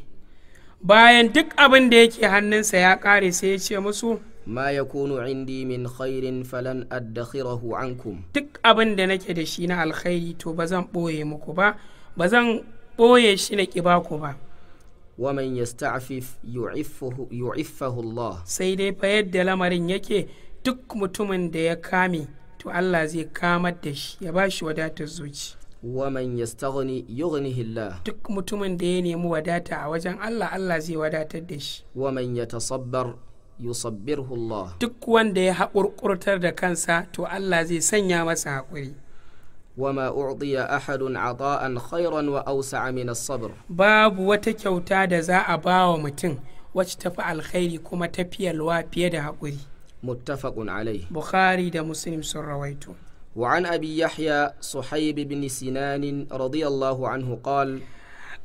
bayan duk abin da yake hannunsa ya ƙare sai ya ce musu ma kunu indi min khairin falan addakhirahu ankum duk abin da nake da shi na alkhairi to ba zan ɓoye muku ba ba zan ɓoye shi na ƙi baku ba wa man yasta'fif yu'iffahu Allah sai dai fa yadda lamarin yake duk mutumin da ya kame to Allah zai kamar da shi ya bashi wadatar zuci wa man yastaghni yughnihi Allah duk mutumin da ya nemi wadata a wajen Allah Allah zai wadatar da shi wa man yatasabbar yusabbirhu Allah duk wanda ya haƙurƙurtar da kansa to Allah zai sanya masa haƙuri wama u'ɗiya ahadun ata'an khairan wa awsa'a min as-sabr babu wata kyauta da za a bawa mutum wacce tafi alkhairi kuma tafiyalwa fiye da haƙuri muttafaƙun alai bukhari da muslim sun rawaito wa'an abi Yahya su بن bin Sinanin radiyallahu عنه قال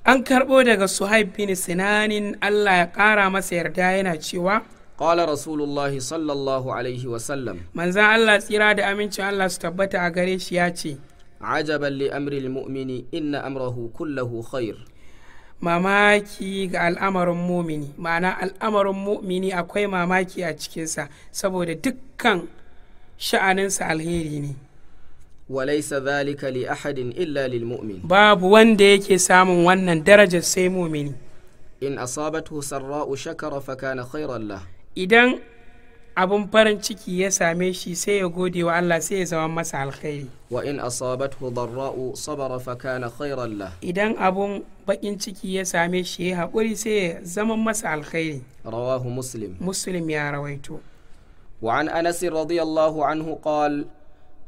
an karɓo daga suhaib bin sinanin allah ya ƙara masa yarda yana cewa Ƙwala Rasulullahi sallallahu Alaihi wasallam. Manzan Allah tsira da amincin Allah su tabbata a gare shi ya ce, Ajaban li amril mu'mini inna amrahu kullahu khair. Mamaki ga al'amarin mumini, ma'ana al'amarin mumini akwai mamaki a cikinsa saboda dukkan sha'aninsa alheri ne. walaisa zalika li ahadin illa lil mu'min babu wanda yake samun wannan darajar sai mumini in asabatu sarra'u shakara fa kana idan abun farin ciki ya same shi sai ya gode wa Allah sai ya zama masa alkhairi wa in asabathu darra'u sabara fa kana khairan lah idan abun bakin ciki ya same shi ya haƙuri sai ya zama masa alkhairi rawahu muslim muslim ya rawaito wa an anas radiyallahu anhu qal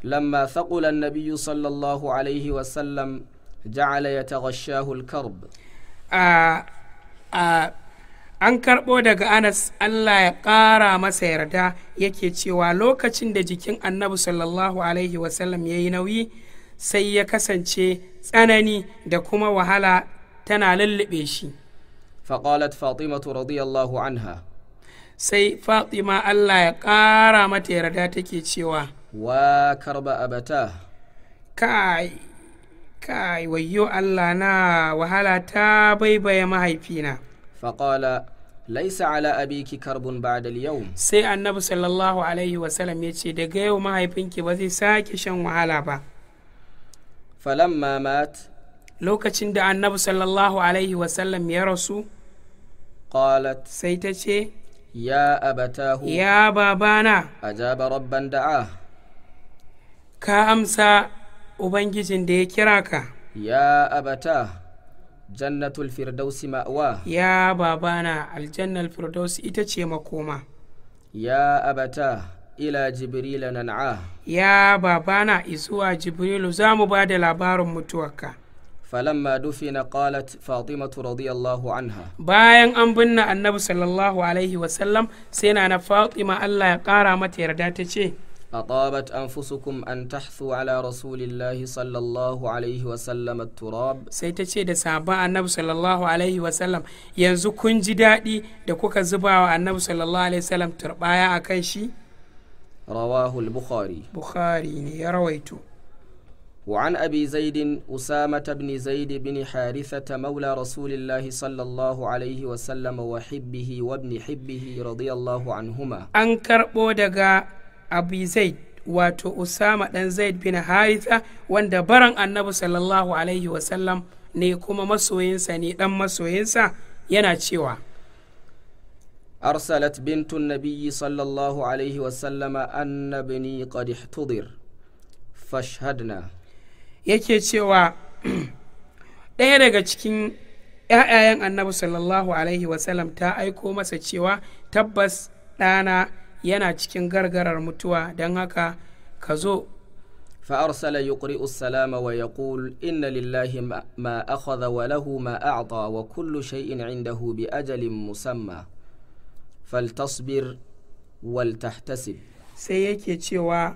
lamma thaqula an-nabiy sallallahu alaihi wa sallam ja'ala yataghashahu al-karb a ah, ah, an karɓo daga anas allah ya ƙara masa yarda yake cewa lokacin da jikin annabi sallallahu alaihi wasallam ya yi nauyi sai ya kasance tsanani da kuma wahala tana lullube shi faƙalat fatima radiyallahu anha sai fatima allah ya ƙara mata yarda take cewa wa karba abata kai kai wayyo allah na wahala ta baibaye mahaifina faƙala laisa ala abiki karbun ba yau sai annabi sallallahu ya ce daga yau mahaifinki ba zai sake shan wahala ba falamma mat lokacin da annabi sallallahu ya rasu qalat sai ta ce ya abatahu ya babana ajaba rabban da'a ka amsa ubangijin da ya kira ka ya abata jannatul firdausi ma'wa ya babana aljannal firdausi ita ce makoma ya abata ila jibrila nan'a ya babana izuwa jibrilu za mu ba da labarin mutuwarka falamma dufina Fatima fatimatu radiyallahu anha bayan an binne annabi sallallahu alaihi wasallam sai na na fatima Allah ya kara mata yarda ta ce أطابت أنفسكم أن تحثوا على رسول الله صلى الله عليه وسلم التراب سيتشي دا سابا النبي صلى الله عليه وسلم ينزو كنجي دادي دا كوكا زبا النبي صلى الله عليه وسلم تربايا أكايشي رواه البخاري بخاري يرويتو وعن أبي زيد أسامة بن زيد بن حارثة مولى رسول الله صلى الله عليه وسلم وحبه وابن حبه رضي الله عنهما أنكر بودغا abu zaid wato usama dan zaid bin haritha wanda baran annabi sallallahu alaihi wasallam ne kuma masoyinsa ne dan masoyinsa yana cewa أرسلت بنت النبي صلى الله عليه وسلم أن ابني قد احتضر فاشهدنا yake cewa ɗaya daga cikin ‘ya’yayan annabi sallallahu alaihi wasallam ta aiko masa cewa tabbas ɗana yana cikin gargarar mutuwa don haka ka zo فأرسل يقرئ السلام ويقول إن لله ما أخذ وله ما أعطى وكل شيء عنده بأجل مسمى فلتصبر والتحتسب sai yake cewa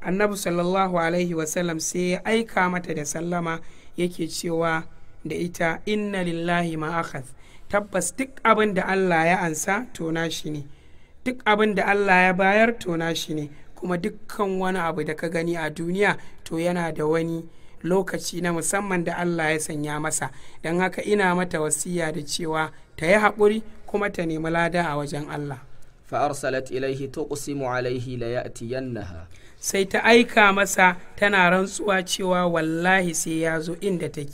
annabi sallallahu sai ya aika mata da sallama yake cewa da ita inna lillahi ma'akhaz tabbas duk abin da allah ya ansa tona shi ne duk abin da Allah ya bayar to shi ne kuma dukkan wani abu da ka gani a duniya to yana da wani lokaci na musamman da Allah ya sanya masa don haka ina mata wasiya da cewa ta yi haƙuri kuma ta nemi lada a wajen Allah salat ilaihi tuqsimu alaihi la ha. sai ta aika masa tana rantsuwa cewa wallahi sai ya zo inda take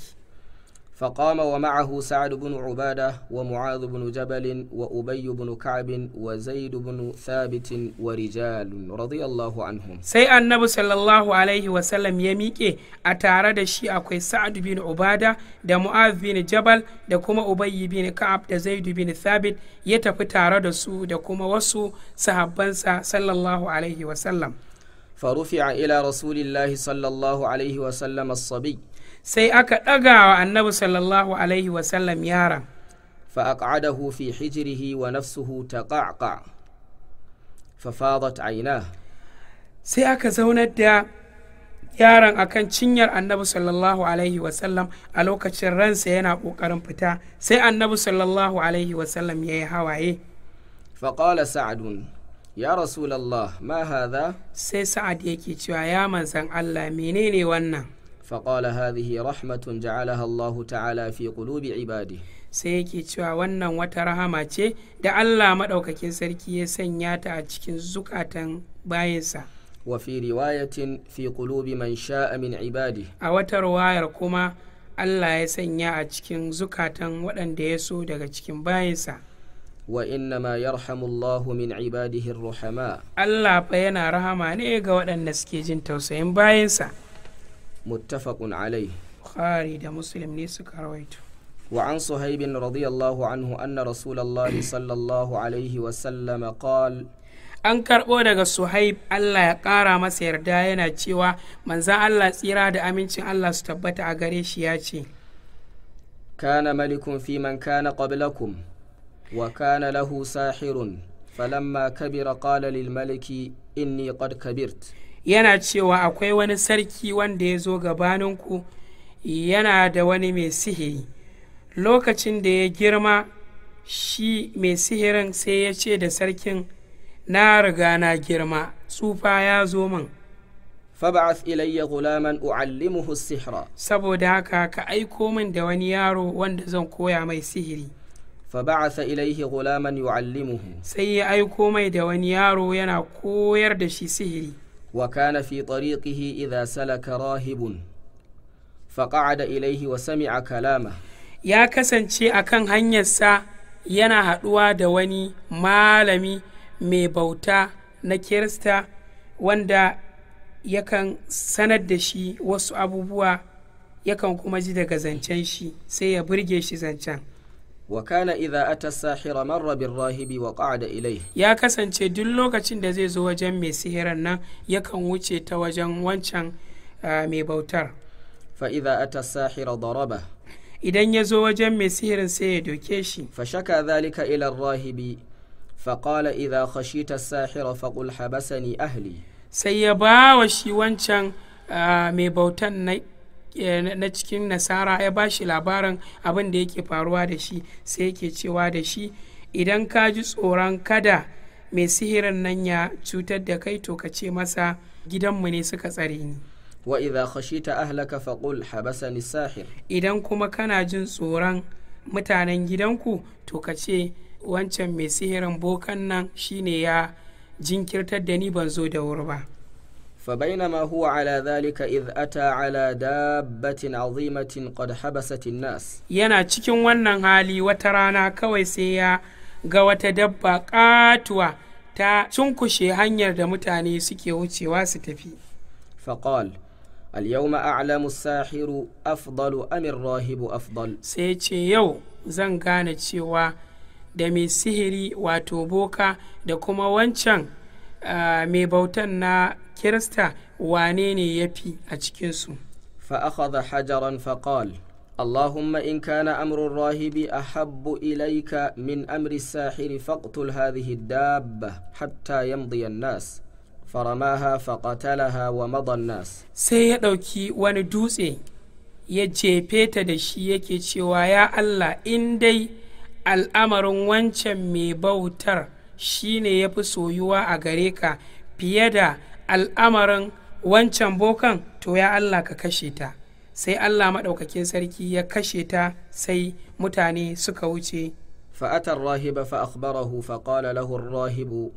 فقام ومعه سعد بن عبادة ومعاذ بن جبل وأبي بن كعب وزيد بن ثابت ورجال رضي الله عنهم سي النبي صلى الله عليه وسلم يميكي أتارى دشي أكوي سعد بن عبادة دا معاذ بن جبل دا كما أبي بن كعب دا زيد بن ثابت يتفي تارى دسو دا كما وسو صحبانسا صلى الله عليه وسلم فرفع إلى رسول الله صلى الله عليه وسلم الصبي sai aka ɗaga wa annabi sallallahu alaihi wasallam yaron فأقعده في حجره ونفسه تقعقع ففاضت aina. sai aka zaunar da yaron akan cinyar annabi sallallahu alaihi wasallam a lokacin ransa yana ƙoƙarin fita sai annabi sallallahu alaihi wasallam ya yi hawaye faƙala sa'adun ya rasulallah ma hadha sai sa'ad yake cewa ya manzan allah menene wannan فقال هذه رحمة جعلها الله تعالى في قلوب عباده sai yake cewa wannan wata rahama ce da Allah maɗaukakin sarki ya sanya ta a cikin zukatan bayansa. wa fi riwayatin fi qulubi man sha'a min ibadi a wata ruwayar kuma Allah ya sanya a cikin zukatan waɗanda ya so daga cikin bayansa wa inna ma yarhamu Allahu min ibadihi ruhama Allah fa yana rahama ne ga waɗanda suke jin tausayin bayansa muttafaqun alai بخاري da مسلم ne suka وعن صهيب رضي الله عنه أن رسول الله صلى الله عليه وسلم قال an karɓo daga suhaib allah ya ƙara masa yarda yana cewa manzan allah tsira da amincin allah su tabbata a gare shi ya ce kana malikun fi man kana qablakum wa kana lahu sahirun falamma kabira qala lil maliki inni qad kabirt yana cewa akwai wani sarki wanda ya zo gabaninku yana da wani mai sihiri lokacin da ya girma shi mai sihirin sai ya ce da sarkin na riga na girma tsufa ya zo min fab'ath ilayya u'allimuhu sihra saboda haka ka aiko min da wani yaro wanda zan koya mai sihiri fab'atha ilayhi ghulaman yu'allimuhu sai ya aiko mai da wani yaro yana koyar da shi sihiri وكان في طريقه إذا سلك راهب فقعد إليه kalama. ya kasance كسن شيء أكن yana ينا da wani malami mai bauta na kirista wanda yakan sanar da shi wasu abubuwa yakan kuma ji daga zancen shi sai ya burge shi zancen wa kana idza ata sahira marra rahibi wa qa'ada ilayhi ya kasance duk lokacin da zai zo wajen mai sihiran nan yakan wuce ta wajen wancan mai bautar fa idza ata sahira daraba idan ya zo wajen mai sihirin sai ya doke shi fa shaka dhalika ila rahibi fa qala idza khashita sahira fa qul habasani ahli sai ya ba shi wancan mai bautan Eh, na cikin nasara ya ba shi labarin abin da yake faruwa da shi sai yake cewa da shi idan ka ji tsoron kada mai sihirin nan ya cutar da kai to ka ce masa gidanmu ne suka tsare ni wa idza khashita ahlaka faqul habasani sahir idan kuma kana jin tsoron mutanen gidanku to ka ce wancan mai sihirin bokan nan shine ya jinkirtar da ni ban zo da wuri ba فبينما هو على ذلك إذ أتى على دابة عظيمة قد حبست الناس yana cikin wannan hali wata rana kawai sai ya ga wata dabba katuwa ta cunkushe hanyar da mutane suke wucewa su tafi Faƙal faqal اليوم أعلم Amin, أفضل أم Sai أفضل yau zan gane cewa da mai sihiri wato boka da kuma wancan mai bautan na kirista wane ne ya fi a cikinsu فأخذ حجرا فقال اللهم إن كان أمر الراهب أحب إليك من أمر الساحر فاقتل هذه الدابة حتى يمضي الناس فرماها فقتلها ومضى الناس sai ya ɗauki wani dutse ya jefe ta da shi yake cewa ya Allah in dai al'amarin wancan mai bautar shi ne ya fi soyuwa a gare ka fiye da al'amarin wancan bokan to ya Allah ka kashe ta sai Allah maɗaukakin sarki ya kashe ta sai mutane suka wuce فأتى الراهب فأخبره فقال له الراهب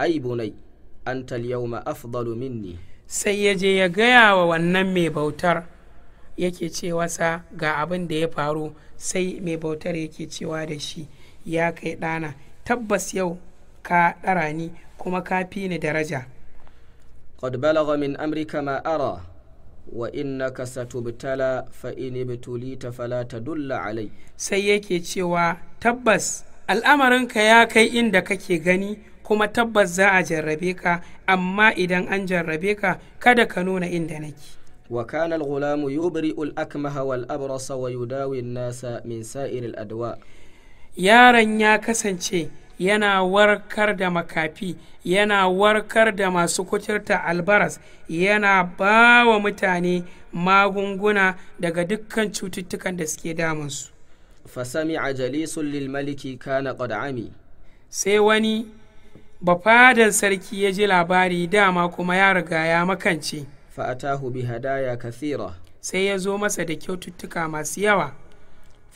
أي بني أنت اليوم أفضل مني sai ya je ya gaya wa wannan mai bautar yake ce wasa ga abin da ya faru sai mai bautar yake cewa da shi ya kai ɗana tabbas yau ka ɗara ni kuma ka fi ni daraja قد بلغ من أمرك ما أرى وإنك ستبتلى فإن ابتليت فلا تدل علي sai yake cewa tabbas al'amarinka ya kai inda kake gani kuma tabbas za a jarrabe ka amma idan an jarrabe ka kada ka nuna inda nake وكان الغلام يبرئ الأكمه والأبرص ويداوي الناس من سائر الأدواء yaron ya kasance yana warkar da makafi yana warkar da masu kuturta albaras yana ba wa mutane magunguna daga dukkan cututtukan da suke damunsu a jalisun lilmaliki kana qad'ami sai wani bafadan sarki ya ji labari dama kuma ya riga ya makance fa'atahu bi hadaya kathira sai ya zo masa da kyaututtuka masu yawa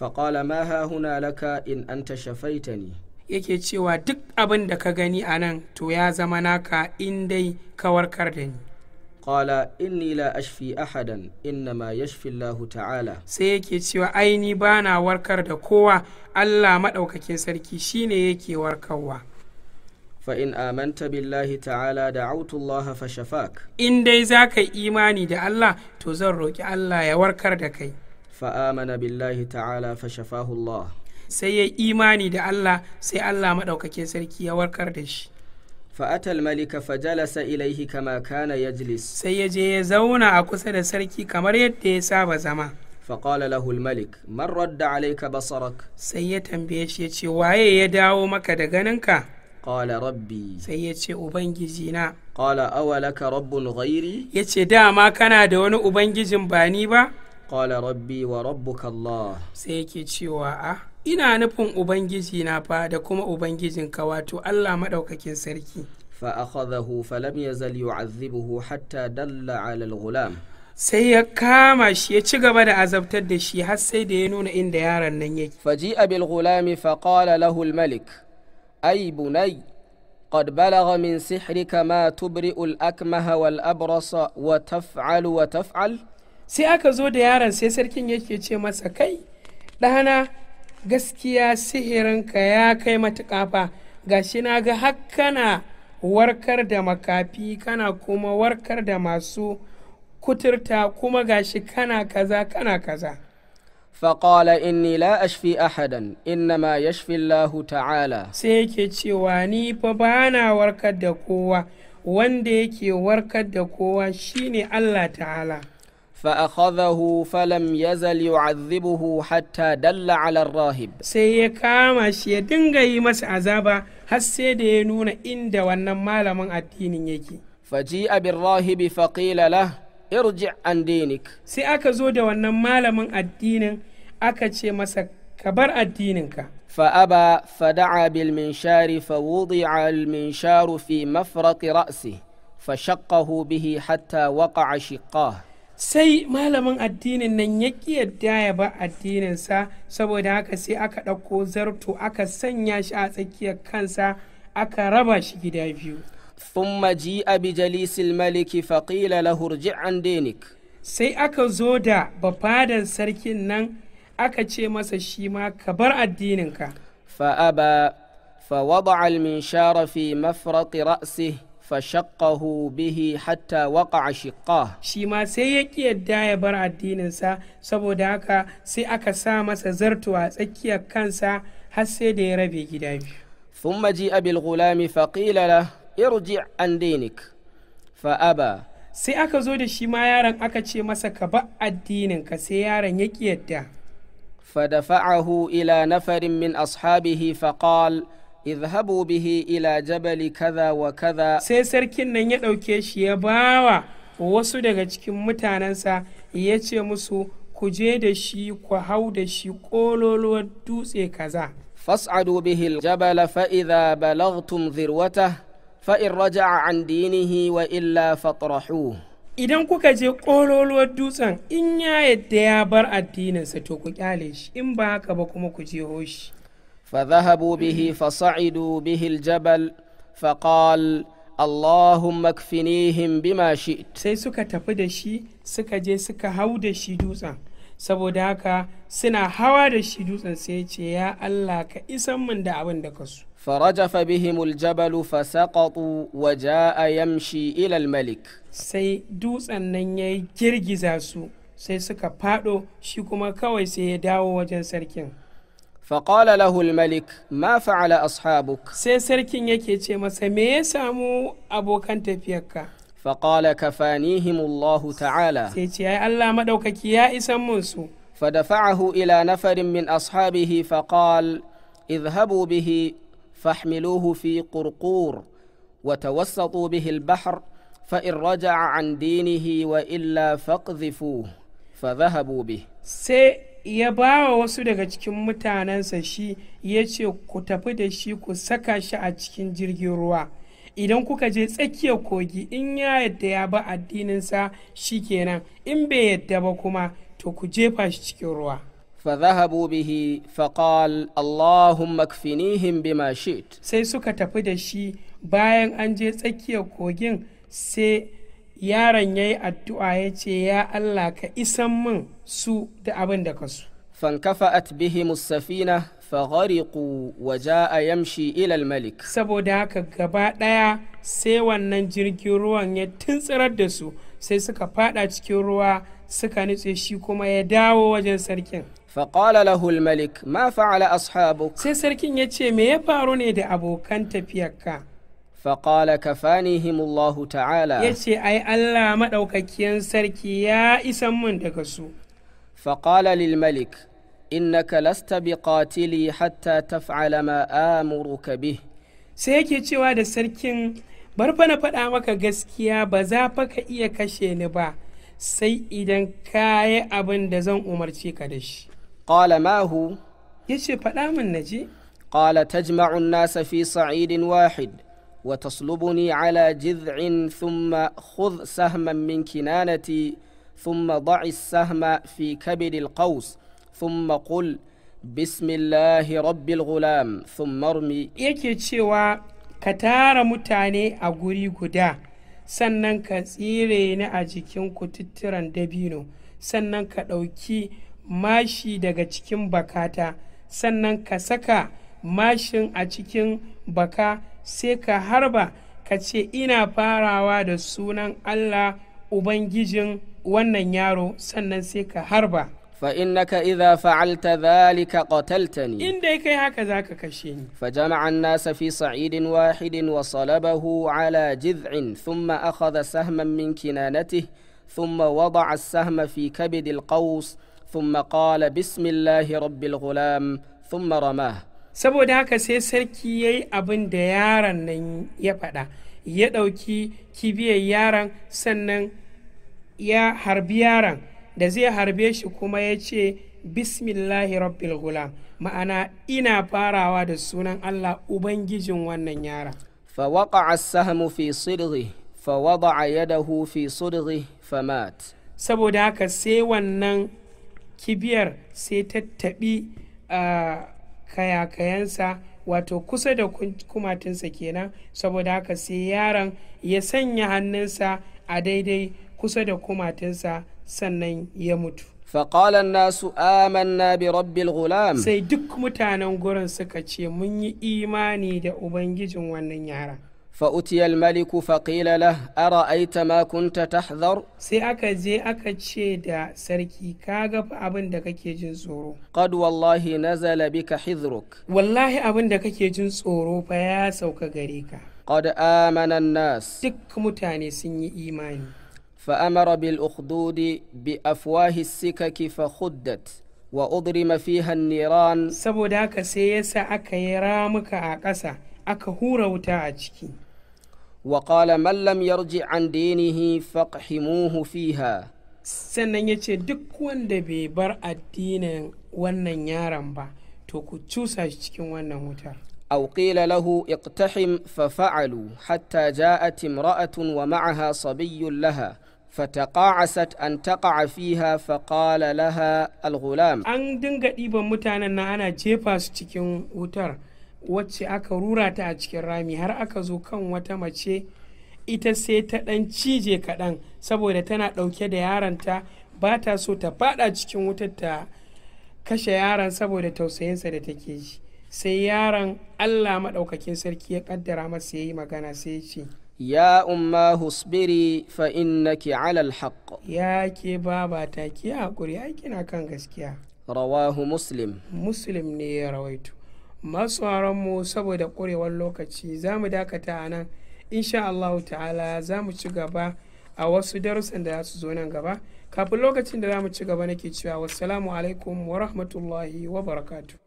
faƙala ma ha huna laka in anta shafaitani yake cewa duk abin da ka gani a nan to ya zama naka in dai ka warkar da ni kala inni la ashfi ahadan innama yashfi Allah ta'ala sai yake cewa aini ni bana warkar da kowa Allah maɗaukakin sarki shine yake warkarwa fa in amanta billahi ta'ala da'awtu Allah fa shafak in dai za ka imani da Allah to zan roki Allah ya warkar da kai fa amana billahi ta'ala fa shafahu Allah sai ya imani da Allah sai Allah maɗaukakin sarki ya warkar da shi fa'atal malika jalasa ilaihi kama kana yajlis sai ya je ya zauna a kusa da sarki kamar yadda ya saba zama faƙala lahul malik man radda ba basarak sai ya tambaye shi ya ce waye ya dawo maka da ganinka qala rabbi sai ya ce ubangiji na qala awalaka rabbun ghairi Yace dama kana da wani ubangijin ba ni ba qala rabbi wa rabbuka allah sai yake cewa a ah, ina nufin ubangiji na fa da kuma ubangijin ka wato Allah maɗaukakin sarki falam yazal yu'adhibuhu hatta hata 'ala al-ghulam sai ya kama shi ya ci gaba da azabtar da shi har sai da ya nuna inda yaron nan yake faji'a bil ghulami fa qala lahu al malik ay bunay qad balagha min sihrika ma tubri'u al akmaha wal abrasa wa taf'alu wa taf'al sai aka zo da yaron sai sarkin yake ce masa kai ɗana gaskiya sihirinka ya kai matuƙa fa gashi na ga kana warkar da makafi kana kuma warkar da masu kuturta kuma gashi kana kaza kana kaza فقال إني لا أشفي أحدا إنما يشفي الله تعالى سيكي تشيواني فبانا وركد كوا yake warkar وركد كوا شيني الله تعالى فأخذه فلم يزل يعذبه حتى دل على الراهب sai ya kama shi ya dinga yi masa azaba har sai da ya nuna inda wannan malamin addinin yake faji'a birrahibi faqila lah irji an sai aka zo da wannan malamin addinin aka ce masa ka bar addininka فأبى فدعا بالمنشار فوضع المنشار في مفرق رأسه فشقه به حتى وقع شقاه sai malamin addinin nan ya ƙi yadda ya ba addininsa saboda haka sai aka ɗauko zarto aka sanya shi a tsakiyar kansa aka raba shi gida biyu ثم جيء بجليس الملك فقيل له ارجع عن sai aka zo da bafadan sarkin nan aka ce masa shi ma ka bar addininka fa'aba فوضع المنشار في مفرق رأسه fashaqahu bihi hatta waqa'a shiqqa shi ma sai ya ki yadda ya bar addininsa saboda haka sai aka sa masa zartuwa tsakiyar kansa har sai da ya rabe gida biyu thumma ji'a bil ghulami faqila la irji' an dinik fa aba sai aka zo da shi ma yaron aka ce masa ka addinin addininka sai yaron ya ki yadda fadafa'ahu ila nafarin min ashabihi faqala izhabu bihi ila jabali kaza wa sai sarkin nan ya ɗauke shi ya bawa wasu daga cikin mutanensa ya ce musu ku je da shi ku hau da shi ƙololuwar dutse kaza fas'adu bihi al-jabal fa idza balagtum zirwata fa in raja'a an dinihi wa illa fatrahu idan kuka je ƙololuwar dutsen in ya yadda ya bar addininsa to ku kyale shi in ba haka ba kuma ku je hoshi فذهبوا به فصعدوا به الجبل فقال اللهم اكفنيهم بما شئت sai suka tafi da shi suka je suka hau da shi dutsen saboda haka suna hawa da shi dutsen sai ce ya Allah ka isan min da abin da kasu فرجف بهم الجبل فسقطوا وجاء يمشي إلى الملك sai dutsen nan ya girgiza su sai suka faɗo, shi kuma kawai sai ya dawo wajen sarkin faƙala lahul malik ma fa'ala ashabuk sai sarkin yake ce masa me ya samu abokan tafiyarka faƙala kafanihim Allahu ta'ala sai ce ai Allah maɗaukaki ya isan mun su fa fadafa'ahu ila nafarin min ashabihi faƙal idhabu bihi fahmiluhu fi qurqur wa tawassatu bihi al-bahr fa in raja'a an dinihi wa illa faqdhifuhu fadhahabu bihi sai ya ba wa wasu daga cikin mutanensa shi ya ce ku tafi da shi ku saka shi a cikin jirgin ruwa idan kuka je tsakiyar kogi in ya yadda ya ba addininsa shi kenan in bai yadda ba kuma to ku jefa shi cikin ruwa فذهبوا به فقال اللهم اكفنيهم بما شئت sai suka tafi da shi bayan an je tsakiyar kogin sai yaron ya yi addu'a ya ce ya Allah ka isan min su da abin da ka su. at bihi musafina faghariqu waja a yamshi ilal malik saboda haka gaba ɗaya sai wannan jirgin ruwan ya tuntsirar da su sai suka fada cikin ruwa suka nutse shi kuma ya dawo wajen sarkin فقال له الملك ما فعل أصحابك sai sarkin ya ce me ya faru ne da abokan tafiyarka faƙala kafanihim Allah ta'ala ya ce ai Allah maɗaukakiyan sarki ya isa mun daga su faƙala lil malik innaka lasta bi qatili hatta taf'ala ma amuruka bih sai yake cewa da sarkin bar fa na faɗa maka gaskiya ba za fa ka iya kashe ni ba sai idan ka abin da zan umarci ka dashi. shi qala mahu yace faɗa min naje qala tajma'u an-nasa fi sa'idin wahid وتصلبني على جذع ثم خذ سهما من كنانتي ثم ضع السهم في كبد القوس ثم قل بسم الله رب الغلام ثم ارمي yake cewa ka tara mutane a guri guda sannan ka tsire ni a jikin kututturan dabino sannan ka ɗauki mashi daga cikin bakata sannan ka saka mashin a cikin baka sai ka harba ka ce ina farawa da sunan Allah Ubangijin wannan yaro sannan sai ka harba. فإنك إذا فعلت ذلك قتلتني إن ديك هكذا كشيني فجمع الناس في صعيد واحد وصلبه على جذع ثم أخذ سهما من كنانته ثم وضع السهم في كبد القوس ثم قال بسم الله رب الغلام ثم رماه saboda haka sai sarki ya yi abin da yaron nan ya faɗa ya ɗauki kibiyar yaron sannan ya harbi yaron da zai harbe shi kuma ya ce bismillahi rabbil gulam ma'ana ina farawa da sunan allah ubangijin wannan yaron فوقع السهم في صدغه فوضع يده في صدغه فمات saboda haka sai wannan kibiyar sai ta ah, Kaya-kayansa wato kusa da kumatinsa kenan saboda haka sai yaron ya sanya hannunsa a daidai kusa da kumatinsa sannan ya mutu فقال الناس آمنا برب الغلام sai duk mutanen gurin suka ce mun yi imani da ubangijin wannan yaran فأتي الملك فقيل له أرأيت ما كنت تحذر قد والله نزل بك حذرك والله أبن دا كي جن فيا سوكا غريكا قد آمن الناس تك متاني سني إيمان فأمر بالأخدود بأفواه السكك فخدت وأضرم فيها النيران سبو داك سيسا أكا يرامك أكسا aka hura wuta وقال من لم يرجع عن دينه فاقحموه فيها sannan yace duk wanda bai bar addinin wannan yaron ba to ku cusa shi cikin wannan wutar. aw qila lahu iqtahim fa fa'alu hatta ja'at imra'atun wa ma'aha sabiyyun laha fataqa'asat an taqa'a fiha fa qala laha al an dinga ɗiban mutanen nan ana jefa su cikin wutar wacce aka rura ta a cikin rami har aka zo kan wata mace ita sai ta ɗan cije kaɗan saboda tana ɗauke da yaronta ba ta so ta faɗa cikin wutar ta kashe yaron saboda tausayinsa da take ji sai yaron allah maɗaukakin sarki ya ƙaddara masa ya yi magana sai ce ya umma husbiri fa innaki alal haqq ya ke baba ta ki haƙuri ai kina kan gaskiya rawahu muslim muslim ne ya rawaito masu mu saboda kurewar lokaci za mu dakata a nan insha allahu ta'ala za mu ci gaba a wasu darussan da su zo nan gaba kafin lokacin da za mu ci gaba nake cewa wassalamu alaikum wa rahmatullahi wa barakatu